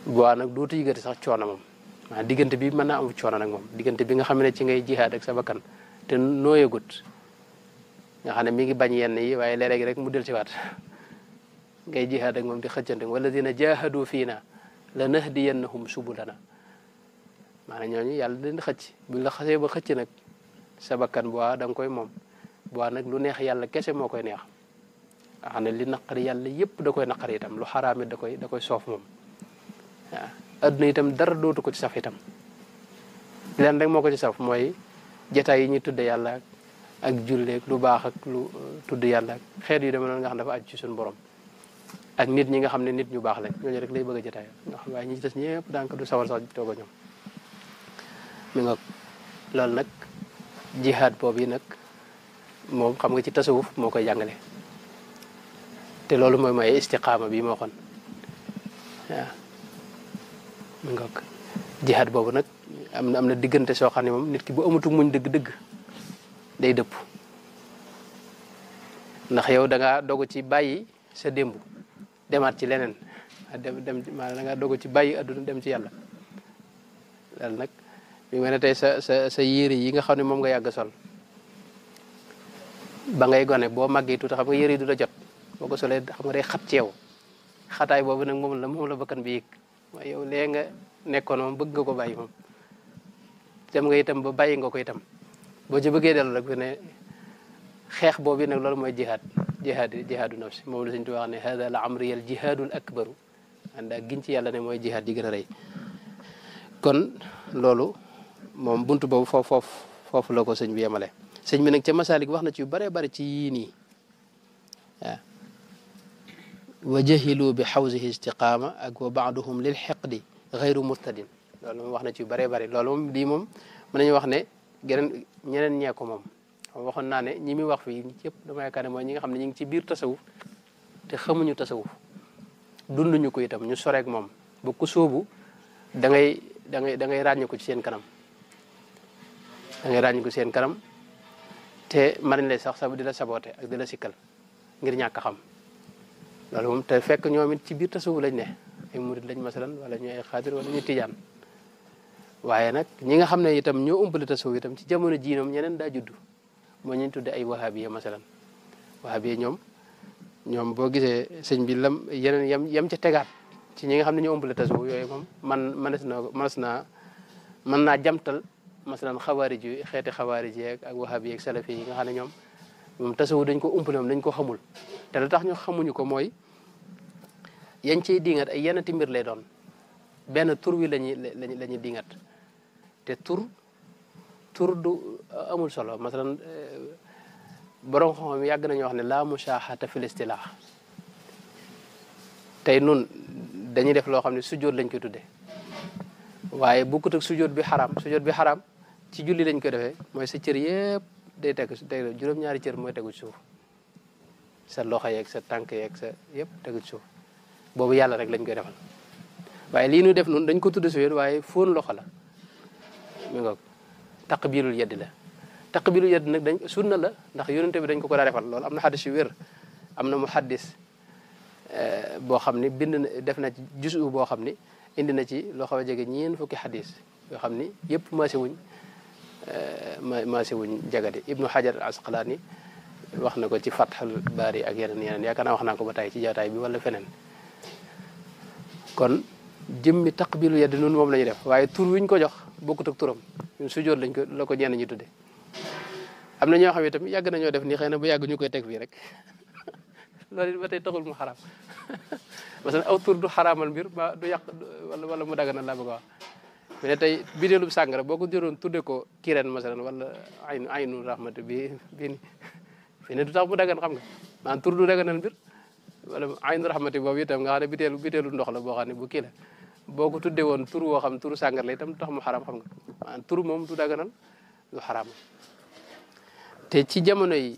boobaa nag dootu yëgati sax coono moom maanaam diggante bi mën naa am coono nag moom diggante bi nga xam ne ci ngay jihaad ak sa bakkan te nooyagut nga xam ne mi ngi bañ yenn yi waaye léeg rek mu del ci waat ngay jihaad ak moom di xëccante wala dina jaahadu fii na la nahdiyannahum subulana maanaam ñooñu yàlla dañ xëcc bu la xasee ba xëcc nag sa bakkan bu da nga koy moom bu nag lu neex yàlla kese moo koy neex nga ne li naqari yàlla yépp da koy naqari itam lu xaraam da koy da koy soof moom waaw àdduna itam dara dootu ko ci saf itam leen rek moo ko ci saf mooy jataay yi ñuy tudd yàlla ak julleeg lu baax ak lu euh, tudd yàlla ak xeet yu deme noonu nga xam dafa aju ci suñu borom ak nit ñi nga xam ne nit ñu baax lañ ñooñu rek lay bëgg a jataay nga xam waaye ñi ci des ñëpp daanaka du sawal sax toog a ñoom mi nga loolu nag jihaad boobu yi nag moom xam nga ci tasawuf moo koy jàngale te loolu mooy mooy istiqaama bi moo xoon waaw mi nga jihaad boobu nag am na am na diggante soo xam ne moom nit ki bu amatu muñ dëgg-dëgg day dëpp ndax yow danga ngaa ci bàyyi sa demb demaat ci leneen dem dem maanaam da ngaa dogu ci bàyyi adduna dem ci yàlla loolu nag ñu mel ne sa sa sa yére yi nga xam ne moom nga yàgg sol ba ngay gone boo màggee tuuti xam nga yére yi du la jot boo ko solee xam nga day xat ci xataay boobu nag moom la moom la bakkan waaye yow lee nga nekkoon moom bëgg nga ko bàyyi moom dem nga itam ba bàyyi nga ko itam boo ci bëggee dellu rek fi ne xeex boobu ne loolu mooy jihaad jihaad jihaadu nafsi moom la Sëñ Tuubaa wax ne hada la amri yal jihaadul akbaru ànd ak giñ ci yàlla ne mooy jihaad ji gën a rëy kon loolu moom bunt boobu foofu foofu foofu la ko sëñ bi yemale sëñ bi nag ca masaalik wax na ci yu baree bari ci yii nii waaw wa jahilu bi xawsihi istiqaama ak wa baaduhum lil xeqdi xayru murtadin loolu moom wax na ci yu baree bari loolu moom lii moom mën nañu wax ne geneen ñeneen ñee ko moom waxoon naa ne ñi muy wax fii yëpp dama yaakaar ne mooy ñi nga xam ne ñu ngi ci biir tasawuf te xamuñu tasawuf dunduñu ko itam ñu soreek moom ba ku sóobu dangay ngay da ràññeeku ci seen kanam da ngay ràññiku seen kanam te mën nañ sax sabu di la ak di ngir ñàkk xam loolu moom te fekk ñoom it ci biir tasawuf lañ ne ay murid lañ masalan wala ñu ay xaadir wala ñu tijaan waaye nag ñi nga xam ne itam ñoo umpale tasawuf itam ci jamono jii ñoom ñeneen daa judd moo ñu tudde ay wahabiya masalan wahabiya ñoom ñoom boo gisee sëñ bi lam yeneen yam yam ca tegaat ci ñi nga xam ne ñoo umpale tasawuf yooyu moom man mënees na mënees naa jamtal masalan xawaarij yi xeeti xawaarij yeeg ak wahab yeeg salafi yi nga xam ne ñoom moom tasawu dañ ko umpale moom dañ ko xamul te la tax ñu xamuñu ko mooy yañ ci diingat ay yenn mbir lay doon benn tur wi lañu la ñuy diingat te tur tur du uh, amul solo masalan uh, borom xam-xam yàgg nañu wax ne la mushaaxata fil istilaax tey nun dañuy def loo xam ne sujjóot lañ koy tudde waaye bukkut ak sujjóot bi xaraam sujjóot bi xaraam ci julli lañ koy defee mooy sa cër yëpp day tegu tegu juróom-ñaari cër mooy tegu ci suuf loxo yeeg sa tànk yeeg sa yëpp tegu ci boobu yàlla rek lañ koy defal waaye lii nu def noonu dañ ko tudd si yoon waaye fóon loxo la mi ngoog taqbilul yedd la taqbilul yedd nag dañ sunna la ndax yonente bi dañ ko ko daa defal loolu am na xaddis yu wér am na mu xaddis eh, boo xam ni bind def na ci boo xam ni indi na ci loxo xaw a jege ñeen fukki xaddis yoo xam ni yëpp maase wuñ masih wuñ jagadi ibnu Hajar asqalani asqalaani wax na ko ci fatxal bari ak yeneen yeneen yaakaar wax ko ci bi wala feneen kon jëmmi taqbilu yedd nun moom la ñuy def waaye tur wiñ ko jox bokkut ak turam ñun sujoor lañ ko la ko ñenn ñi am na ñoo xam ne tamit yàgg def ni xëy na bu yàgg ñu koy teg fii rek loolu it ba taxul mu haram parce que tur du mbir ba du wala wala mu dagana la bëgg mu ne tey bideelub sàngara boo ko jëroon tudde ko kireen masalan wala aynu aynu rahmatu bi bi ni fi ne du tax mu dagan xam nga maanaam tur du daganal mbir wala rahmati boobu itam nga xam ne biteelu biteelu ndox la boo xam ne bu kii la boo ko tudde woon tur woo xam turu sàngara la itam du mu xaram xam nga maanaam tur moom du daganal lu xaram te ci jamono yi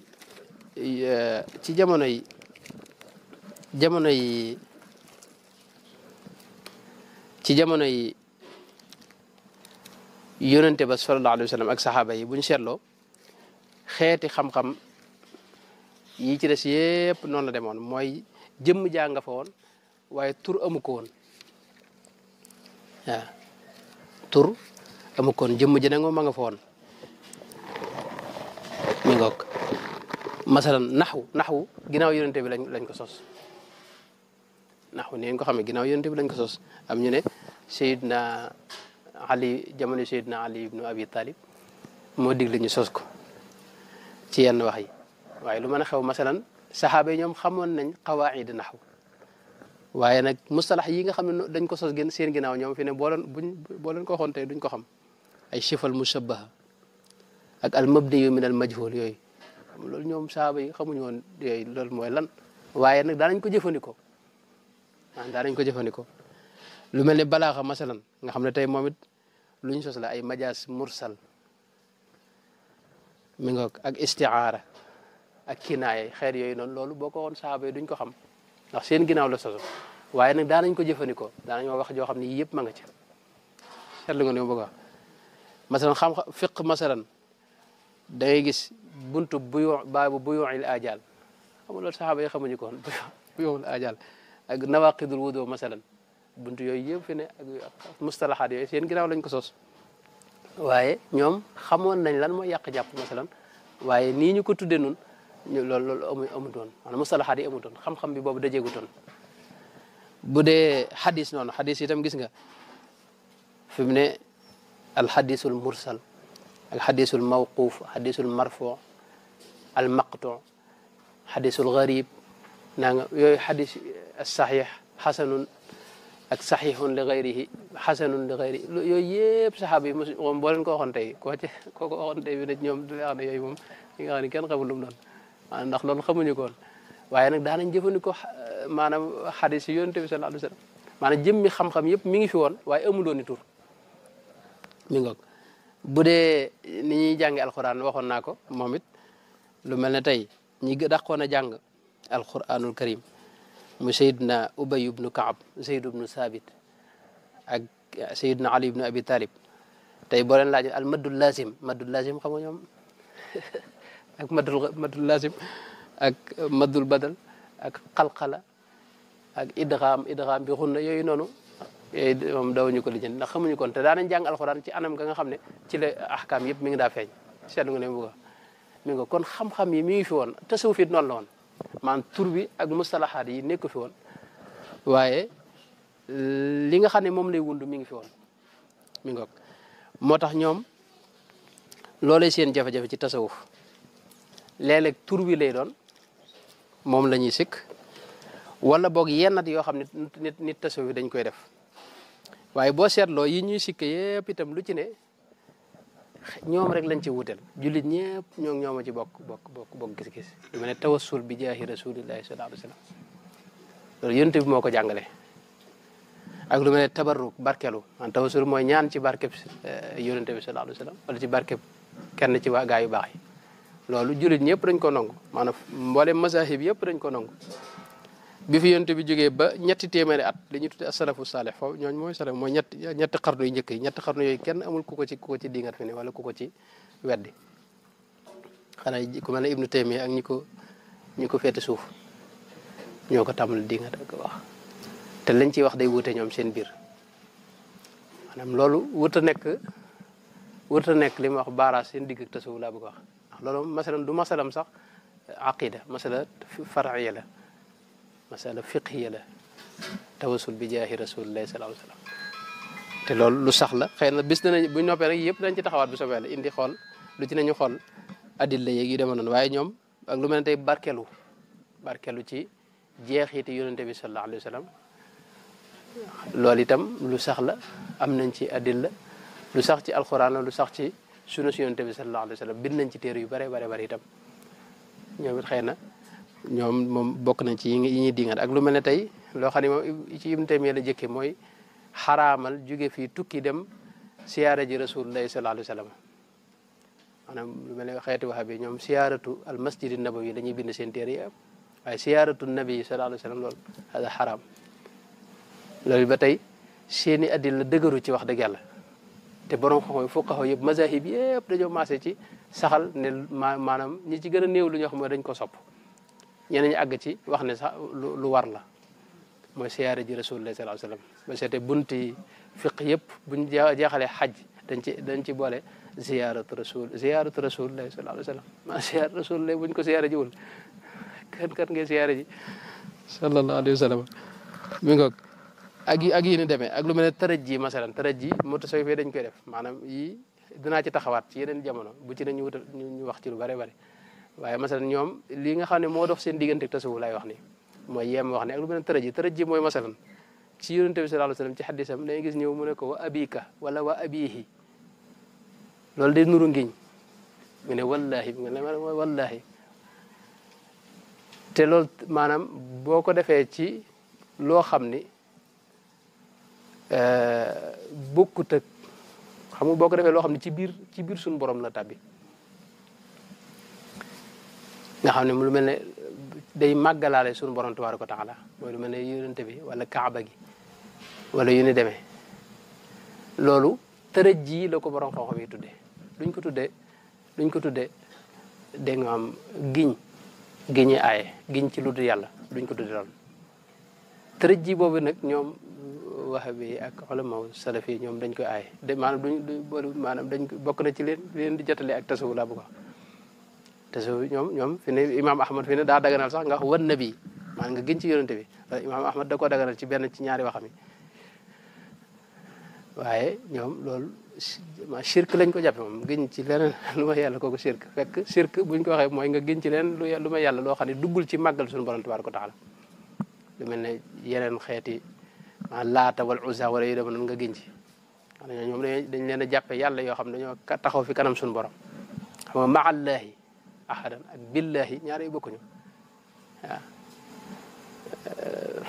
euh, ci jamono yi jamono yi jamono yi yónnante ba sallallahu alayhi wa sallam ak saxaaba yi bu ñu seetloo xeeti xam-xam yi ci des yépp noonu la demoon mooy jëmm jaa nga fa woon waaye tur amu ko woon tur amu ko woon jëmm ji nangoo ma nga fa woon mi ngoog masalan naxwu naxwu ginnaaw yónnante bi lañ lañ ko sos naxwu neen ko xamee ginnaaw yónnante bi lañ ko sos am ñu ne Seydina ali jamono Seydina ali ibnu abi talib moo digle ñu sos ko ci yenn wax yi waaye lu mën na xew masalan saxaaba yi ñoom xamoon nañ xawaid naxw waaye nag mustallax yi nga xam ne dañ ko sos gën seen ginnaaw ñoom fi ne boo leen buñ boo leen ko waxoon tey duñ ko xam ay chifal mushabaha ak al mabniyu yooyu loolu ñoom saxaaba yi xamuñu woon yooyu loolu mooy lan waaye nag daanañ ko jëfandikoo ah daanañ ko jëfandikoo lu mel ne balaaxa masalan nga xam ne tey moom lu ñu sos la ay majaas mursal mi nga ak istiaara ak kinaaya xeer yooyu noonu loolu boo ko woon saaba yi duñ ko xam ndax seen ginnaaw la soso waaye nag daanañ ko jëfandikoo daanañ ma wax joo xam ne yii yëpp ma nga ca seetlu nga ni ma masalan xam fiq masalan da ngay gis buntu buyu baabu buyuil ajal xam nga loolu saaba yi xamuñu ko woon buyuil ajal ak nawaqidul wudo masalan buntu yooyu yëpp fi ne ak mustalaxaat yooyu seen ginnaaw lañ ko sos waaye ñoom xamoon nañ lan mooy yàq jàpp masalan waaye nii ñu ko tuddee nun ñu loolu loolu amu amutoon maanaam mustalaxaat yi amutoon bi boobu dajeegutoon bu dee xadis noonu xadis itam gis nga fi mu ne alxadisul mursal ak xadisul mawquuf xadisul marfuu al maqtu xadisul garib naa yooyu xadis saxiix xasanun ak sahihun li ghayrihi hasanun li ghayri yoy yeb sahabi yi bo len ko waxon tay ko ci ko ko waxon tay bi nag ñom du wax na yoy mom li nga ni ne kenn xamul lu doon maanaam ndax loolu xamuñu ko woon waaye nag daanañ jëfandikoo eh, manam hadith yu yoonte bi sallallahu alayhi wasallam manam jëmmi xam-xam yeb mi ngi fi woon waaye amuloon ni tur mi ngok bu ni ñi jàngé alcorane waxon nako momit lu mel tay ñi gëdax ko na jàng alquranul karim mu Seydina Ubay ibnu Kaab Zeyd ibnu Saabit ak Seydina Ali ibnu Abi Talib tey boo leen laajee al maddul lazim maddul lazim xam nga ñoom ak maddul maddul lazim ak maddul badal ak xalxala ak idgaam idgaam bi xunna yooyu noonu yooyu moom dawuñu ko lijjanti ndax xamuñu kon te daanañ jàng alxuraan ci anam ga nga xam ne ci la ahkaam yëpp mi ngi daa feeñ seetlu nga ne mu mi nga kon xam-xam yi mi ngi fi woon te suuf it noonu la woon maanaam tur bi ak mustalaxaat yi nekk fi woon waaye li nga xam ne moom lay wund mi ngi fi woon mi ngoog moo tax ñoom loolay seen jafe-jafe ci tasawuf léeg-léeg tur bi lay doon moom lañuy sikk wala boog yennat yoo xam ne nit nit tasawuf dañ koy def waaye boo seetloo yi ñuy sikk yëpp itam lu ci ne ñoom rek lañ ci wutal julit ñëpp ñoo ngi ñooma ci bokk bokk bokk bokk gis-gis lu ma ne tawassul bi jaahi rasulillahi sallallahu alayhi wa sallam loolu yonent bi moo ko jàngale ak lu ma ne tabarruk barkelu man tawassul moo ñaan ci barkeb eh, yonent bi sallallahu alayhi wa wala ci barkeb kenn ci waa gaa yu baax loolu jullit ñëpp dañ ko nangu maanaam mboolem masahib yëpp dañ ko nong bi fi yonent bi jógee ba ñetti téeméeri at li ñuy tudde asalafu saalih foofu ñooñ mooy salaf mooy ñetti ñetti xarnu yu njëkk yi ñetti xarnu yooyu kenn amul ku ko ci ku ko ci dingat fi ne wala ko ci weddi xanaa ku mel ne ak ñi ko ñi ko féete suuf ñoo ko tàmmal dingat ak lañ ciy wax day wute ñoom seen biir maanaam loolu wërta nekk wërta nekk li ma wax baaraas seen digg ak tasawuf laa bëgg wax loolu masalam du masalam sax aqida masala faraiya la masala fiqhiya la tawasul bi jaahi rasulillahi sallallahu alayhi wa sallam te loolu lu sax la xëy na bis danañ bu noppee rek yëpp dañ ci taxawaat bu sobee la indi xool lu ci nañu xool addil la yeeg yu dema noonu waaye ñoom ak lu mel ne barkeelu barkelu barkelu ci jeexiti yonente bi sallallahu alayhi wa sallam loolu itam lu sax la am nañ ci addil la lu sax ci alxuraan la lu sax ci sunu si yonente bi sallallahu alayhi wa bind nañ ci téere yu bare bare bare itam ñoom it xëy na ñoom moom bokk nañ ci yi ñuy dingat ak lu mel ne tey loo xam ne moom ci Ibnu Taymiya la jëkke mooy xaraamal jóge fii tukki dem siyaara ji rasulullah sallallahu alayhi wa lu mel ne xeeti waxa bi ñoom siyaaratu al masjid nabawi dañuy bind seen téere yi waaye siyaaratu nabi sallallahu alayhi wa sallam loolu ba tey seeni addil la dëgëru ci wax dëgg yàlla te borom xoxo yi fuqaha yëpp mazahib yëpp dañoo maase ci saxal ne maanaam ñi ci gën a néew lu ñu wax mooy dañ ko sopp ñeneen ñi àgg ci wax ne sax lu war la mooy siyaare ji rasulullah sallallahu alayhi wasallam ba seete bunti fiq yëpp buñ jeexalee xaj dañ ci dañ ci boole ziyaratu rasul ziyaratu rasulullah sallallahu alayhi wasallam ma ziyarat rasulullah buñ ko siyaare jiwul kan kan ngay siyaare ji sallallahu alayhi wasallam mi ngoog ak yi ak yi ni demee ak lu mel ne tërëj ji masalan tërëj ji mutasawif dañ koy def maanaam yi dinaa ci taxawaat ci yeneen jamono bu ci ne ñu wutal ñu wax ci lu bare bare waaye masalan ñoom lii nga xam ne moo dox seen diggante tasawu lay wax ni mooy yeem wax ne ak lu mel ne tërëj ji tërëj ji mooy masalan ci yonente bi sallallahu alayhi wasallam ci xaddisam dañuy gis ñëw mu ne ko wa abika wala wa abihi loolu day nuru ngiñ mu ne wallahi mu ne mooy wallahi te lool maanaam boo ko defee ci loo xam ni euh, bokkut ak xam nga boo ko defee loo xam ni ci biir ci biir suñu borom la tàbbi nga xam ne lu mel ne day màggalaale suñu borom tabaaraka wa taala mooy lu mel ne yonente bi wala kaaba gi wala yu ni demee loolu tërëj ji la ko borom xam-xam yi tuddee duñ ko tuddee duñ ko tuddee dégg nga am giñ giñi aaye giñ ci lu dul yàlla duñ ko tuddee loolu tërëj boobu nag ñoom wahabi yi ak ulama salafi yi ñoom dañ ko aaye de maanaam duñ maanaam dañ bokk na ci leen leen di jotale ak tasawuf laa bëgg te su ñoom ñoom fi ne imaam ahmad fi ne daa daganal sax nga wax wan nabi maanaam nga gën ci yonente bi imaam ahmad da ko daganal ci benn ci ñaari waxam yi waaye ñoom loolu ma shirk lañ ko jàppe moom gën ci leneen lu ma yàlla kooku shirk fekk shirk buñ ko waxee mooy nga gën ci leen lu ma yàlla loo xam ne duggul ci màggal suñu borom tabaaraka wa taala lu mel ne yeneen xeeti ma laata wal usa wala yu dema noonu nga gën ci xam ne ñoom dañ leen a jàppe yàlla yoo xam ne dañoo taxaw fi kanam suñu borom xam nga احدا بالله نيار يبوكو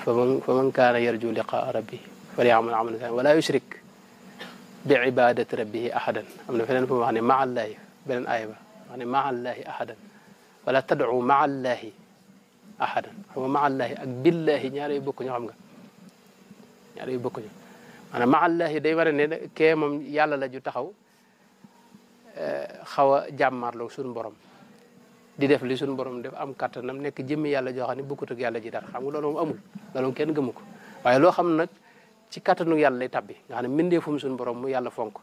فمن فمن كان يرجو لقاء ربه فليعمل عملا ولا يشرك بعبادة ربه أحدا أمن فلان فما هني يعني مع الله بين آية هني يعني مع الله أحدا ولا تدعو مع الله أحدا هو مع الله أقبل الله نيار يبوكو نيار يبوكو نيار أنا مع الله دايما كيما يالا لا جو خوا جامار لو سون di def li suñu borom def am kattanam nekk jëmmi yàlla joo xam ne bokkut ak yàlla ji dara xam nga loolu moom amul loolu moom kenn gëmu ko waaye loo xam nag ci kattanu yàlla lay tabbi nga xam ne mbindeefum suñu borom mu yàlla fonk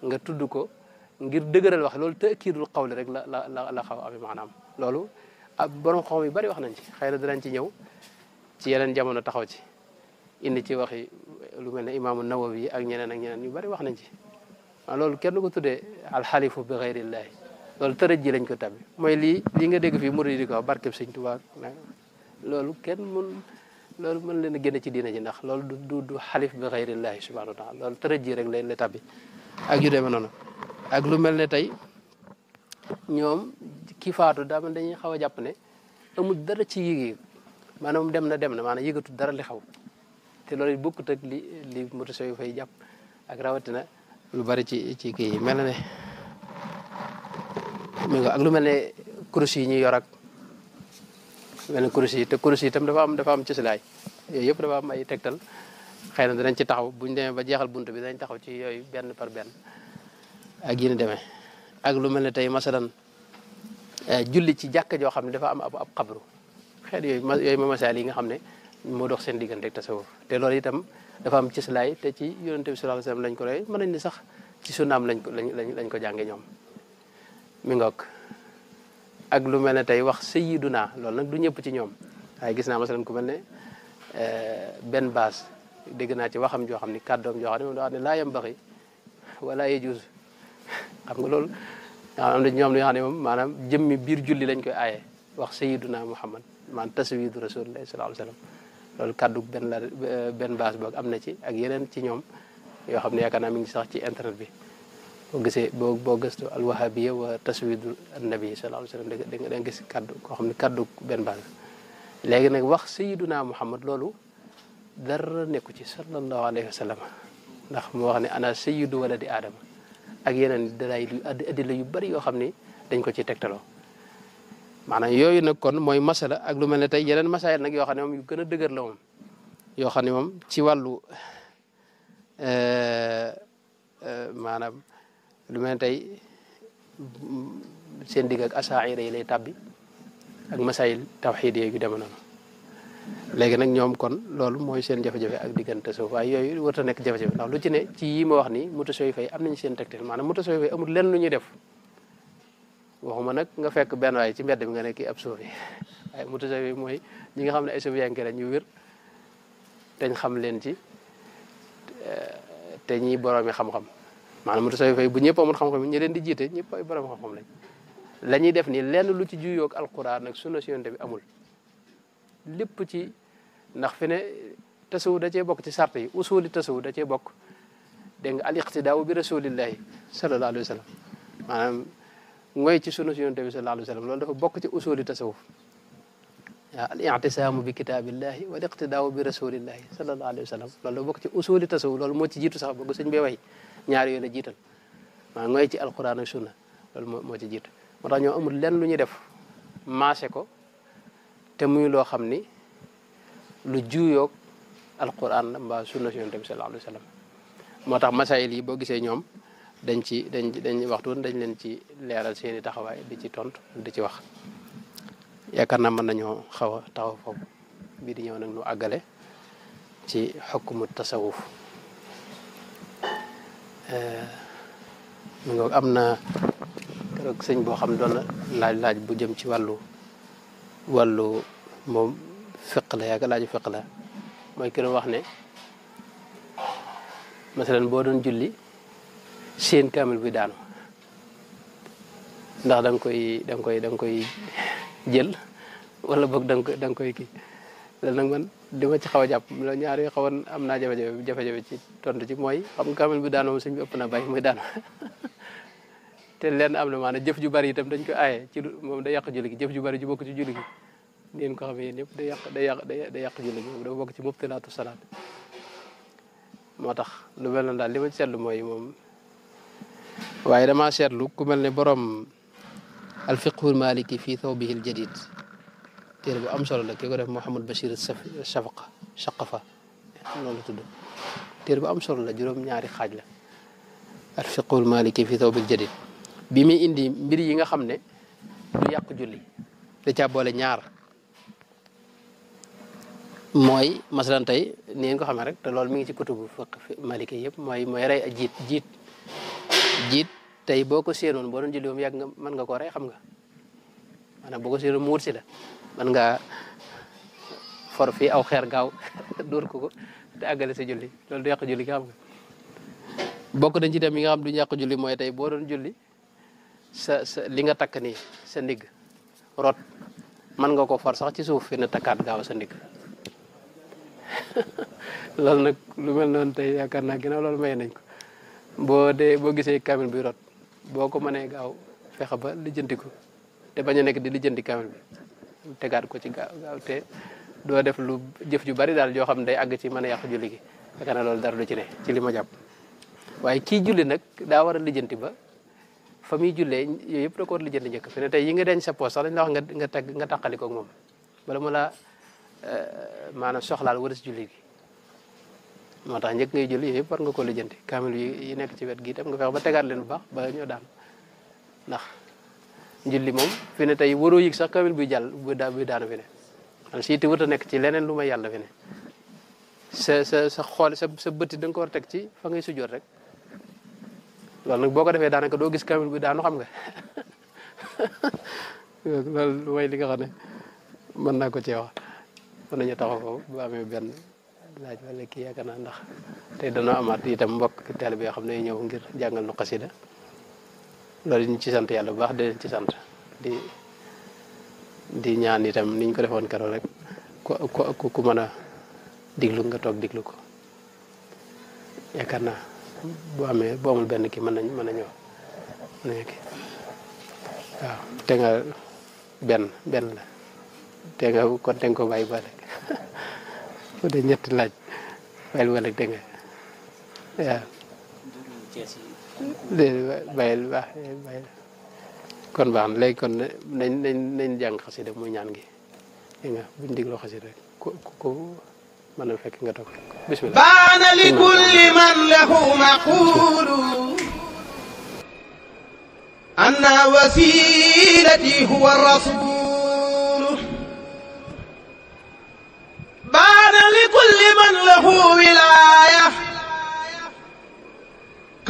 nga tudd ko ngir dëgëral wax loolu tëkkiidul xawli rek la la la la xaw a amee maanaam loolu ab borom xam yu bari wax nañ ci xëy na danañ ci ñëw ci yeneen jamono taxaw ci indi ci waxi lu mel ne imaamu Nawawi ak ñeneen ak ñeneen ñu bari wax nañ ci waaw loolu kenn ko tuddee alxalifu bi xeyrillahi loolu tërëj ji lañ ko tabi mooy lii lii nga dégg fii murid di ko barkeb sëñ tubaak loolu kenn mun loolu mën leen génn ci diina ji ndax loolu du du du xalif bi xayrillahi subhanahu wa taala loolu tërëj ji rek leen la ak yu demee noonu ak lu mel ne tey ñoom ki faatu daa man dañuy xaw a jàpp ne amul dara ci yéeg maanaam dem na dem na maanaam yëgatu dara li xaw te loolu bokkut ak li li moto yu fay jàpp ak rawatina lu bari ci ci kii mel na ne. mi nga ak lu mel ne kurus yi ñu yor ak lu mel ne kurus yi te kurus yi tam dafa am dafa am ci silaay yooyu yëpp dafa am ay tegtal xëy na danañ ci taxaw bu demee ba jeexal bunt bi danañ taxaw ci yooyu benn par benn ak yi ni demee ak lu mel ne tey masalan eh, julli ci jàkka joo xam ne dafa am ab xabru xeet yooyu yooyu ma masaal yi nga xam ne moo dox seen diggante ak tasawuf te loolu itam dafa am ci silaay te ci yonente bi sallallahu alayhi lañ ko roy mën nañ ni sax ci sunnaam lañ ko lañ lañ ko jànge ñoom mi ngoog ak lu mel ne tey wax sayyiduna lool nag lu ñëpp ci ñoom waaye gis naa masalan ku mel ne eh, benn baas dégg naa ci waxam joo xam ni kàddoom joo xam ne moom daa wax ne laa yem baxi wala xam nga loolu am na ñoom ñoo xam ne moom maanaam jëmmi biir julli lañ koy aaye wax sayyiduna muhammad maanaam taswidu rasulillahi sallallahu alayhi wasallam loolu kàddu benn benn baas boog am na ci ak yeneen ci ñoom yoo xam ne yaakaar naa mi ngi sax ci internet bi boo gisee boo boo gëstu alwahabiya wa taswidu annabi sallallahu alayhi wasallam da nga gis kaddu koo xam ne kaddu benn baax la léegi nag wax sayiduna muhammad loolu dara nekku ci sallallahu alayhi wa sallam ndax moo wax ne ana sayidu wala di aadama ak yeneen dalaay lu addila yu bari yoo xam ni dañ ko ci tegtaloo maanaam yooyu nag kon mooy masala ak lu mel ne tey yeneen masaayil nag yoo xam ne moom yu gën a dëgër la xam ne moom ci wàllu euh, euh, lu mel ne tey seen digg ak asaira yi lay tàbbi ak masayil tawxiid yooyu yu demoon noonu léegi nag ñoom kon loolu mooy seen jafe-jafe ak diggante suuf waaye yooyu warta nekk jafe-jafe ndax lu ci ne ci yi ma wax ni mutasoo yi fay am nañu seen tegtal maanaam mutasoo amul lenn lu ñuy def waxuma nag nga fekk benn waay ci mbedd bi nga nekk kii ab suufi waaye mutasoo mooy ñi nga xam ne ay suuf yanke la ñu wér dañ xam leen ci eh, te ñi boroomi xam-xam maanaam mutasawwifa yi bu ñëpp amul xam-xam ñu leen di jiite ñëpp ay borom xam-xam lañ la ñuy def ni lenn lu ci juyoog alquran nag sunna si amul lépp ci ndax fi ne tasawu da cee bokk ci sart yi usuli tasawu da cee bokk dégg nga al iqtidaaw bi rasulillahi sallallahu alayhi wa da maanaam ngoy ci sunna si yonte bi sallallahu alayhi wa bokk ci usuli tasawuf waaw al i'tisaamu bi kitaabillahi wal iqtidaaw bi rasulillahi sallallahu alayhi wa sallam loolu dafa bokk ci usuli loolu moo ci jiitu sax bëgg sëñ bee way ñaar yooyu la jiital maa ngoy ci alquran ak sunna loolu moo ci jiit moo tax ñoo amul lenn lu ñu def maase ko te muy loo xam ni lu juuyoog alquran la mbaa sunna si yonent bi sallallahu alayhi moo tax masaayil yi boo gisee ñoom dañ ci dañ dañ waxtu dañ leen ci leeral seeni i taxawaay di ci tontu di ci wax yaakaar na mën nañoo xaw a taxaw foofu bii di ñëw nag ñu àggale ci xukmu tasawuf Eh, mu am na keroog sëñ boo xam doon laaj laaj bu jëm ci wàllu wallu moom fiq la yaakaar laaju fiq la mooy ki wax ne masalan boo doon julli seen kaamil bi daanu ndax da koy da koy da nga jël wala boog da nga koy da nga nag man li ci xaw a jàpp la ñaar yi xawoon am naa jafe-jafe jafe-jafe ci tontu ci mooy xam nga kamil bi daan moom suñ bi na bay muy daan te len am na maanaam jëf ju bari itam dañ ko aaye ci moom day yàq julli gi ju bari ju bokk ci julli gi ngeen ko xamee yéen yëpp day yàq day yàq day yàq julli gi moom dafa bokk ci mubtilaatu salaat moo tax lu mel na daal li ma ci seetlu mooy moom waaye damaa seetlu ku mel ne borom alfiqhul maliki fii thawbihi aljadid téere bu am solo la ki ko def Mouhamad Bachir Shafaqa Shaqafa noonu la tudd téere bu am solo la juróom-ñaari xaaj la alfiqul maliki fi thawbil jadid bi muy indi mbir yi nga xam ne du yàq julli da caa boole ñaar mooy masalan tey ni ngeen ko xamee rek te loolu mi ngi ci kutubu fiq maliki yëpp mooy mooy rey ak jiit jiit jiit tey boo ko séenoon boo doon julli moom yàgg nga mën nga koo rey xam nga maanaam boo ko séenoon mu wut si la man nga for fi aw xeer gaaw dur ko te agale sa julli lolou du yak julli nga xam nga bokk nañ ci dem yi nga xam du yàq julli moy tay bo doon julli sa sa li nga tak ni sa ndig rot man nga ko for sax ci suuf fi na takkaat gaaw sa ndig lol nak lu mel non tay yakar na ginnaaw lol may nañ ko bo de bo gisee kamil bi rot boko mané mënee gaaw fexe ba lijjanti te di lijeenti kamil bi tegaat ko ci gaaw te do def lu jëf ju bari dal jo xam day ag ci man yaq yàq julli gi yaakaar na loolu du ci ne ci lima japp waye ki julli nak da wara lijeenti ba fami julle yoyep da ko wara lijeenti njëkk fene tay yi nga denc sa poste sax dañ la wax nga nga tag nga tàqaliko ak mom bala mala eh, manam soxlaal wala si julli gi moo tax ngay julli yoyep war nga ko lijeenti kaamil yi nekk ci wet gi tam nga fex ba tegaat leen bu baax ba ñoo daan ndax julli mom fi ne tay waroo yik sax kamil bu jall bu da bu daana fi ne al siti wut nek ci leneen luma yalla fi ne sa sa sa xol sa sa beuti dang ko war tek ci fa ngay sujjoot rek loolu nak boko defé defee daanaka gis kamil bu daanu xam nga loolu way li nga xane man na ko ci wax mën ñu taxaw bu amé ben laaj wala ki yakana ndax tay dana amat itam mbokk teel bi xamne ñew ngir jangal nu qasida loolu ñu ci sant yàlla bu baax di leen ci sant di di ñaan itam niñ ko defoon keroog rek ku ku ku mën a diglu nga toog diglu ko yaakaar naa bu amee bu amul benn kii mën nañ mën nañoo mën nañu kii waaw benn benn la te nga kon te nga ko bàyyi ba rek bu dee ñetti laaj bàyyi ba rek te bayal baax bayal kon baax na kon nañ nañ nañ jàng xasida muy ñaan gi dégg nga buñ fekk nga toog bismillah baana li man lahu maqulu anna wasilati huwa rasul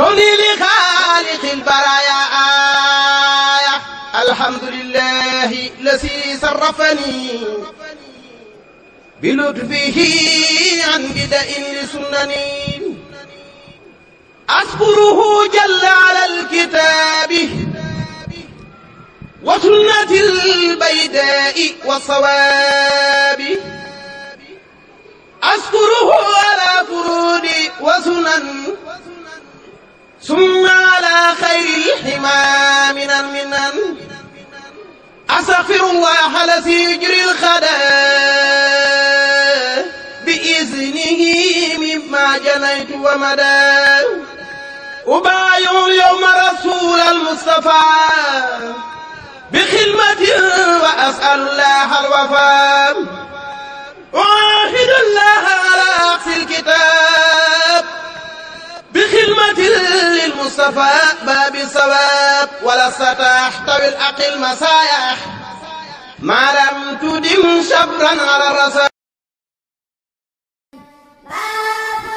كوني لخالق البرايا آية الحمد لله الذي صرفني بلطفه عن بدء لسنني أشكره جل على الكتاب وسنة البيداء والصواب أشكره على فروض وسنن ثم على خير الحمى من المنن أستغفر الله الذي يجري الخدا بإذنه مما جنيت ومدى أبايع اليوم رسول المصطفى بخدمة وأسأل الله الوفاء أعاهد الله على أقصى الكتاب بخدمة للمصطفى باب الصواب ولا تحتوي الأقل مسايح ما لم تدم شبرا على الرسائل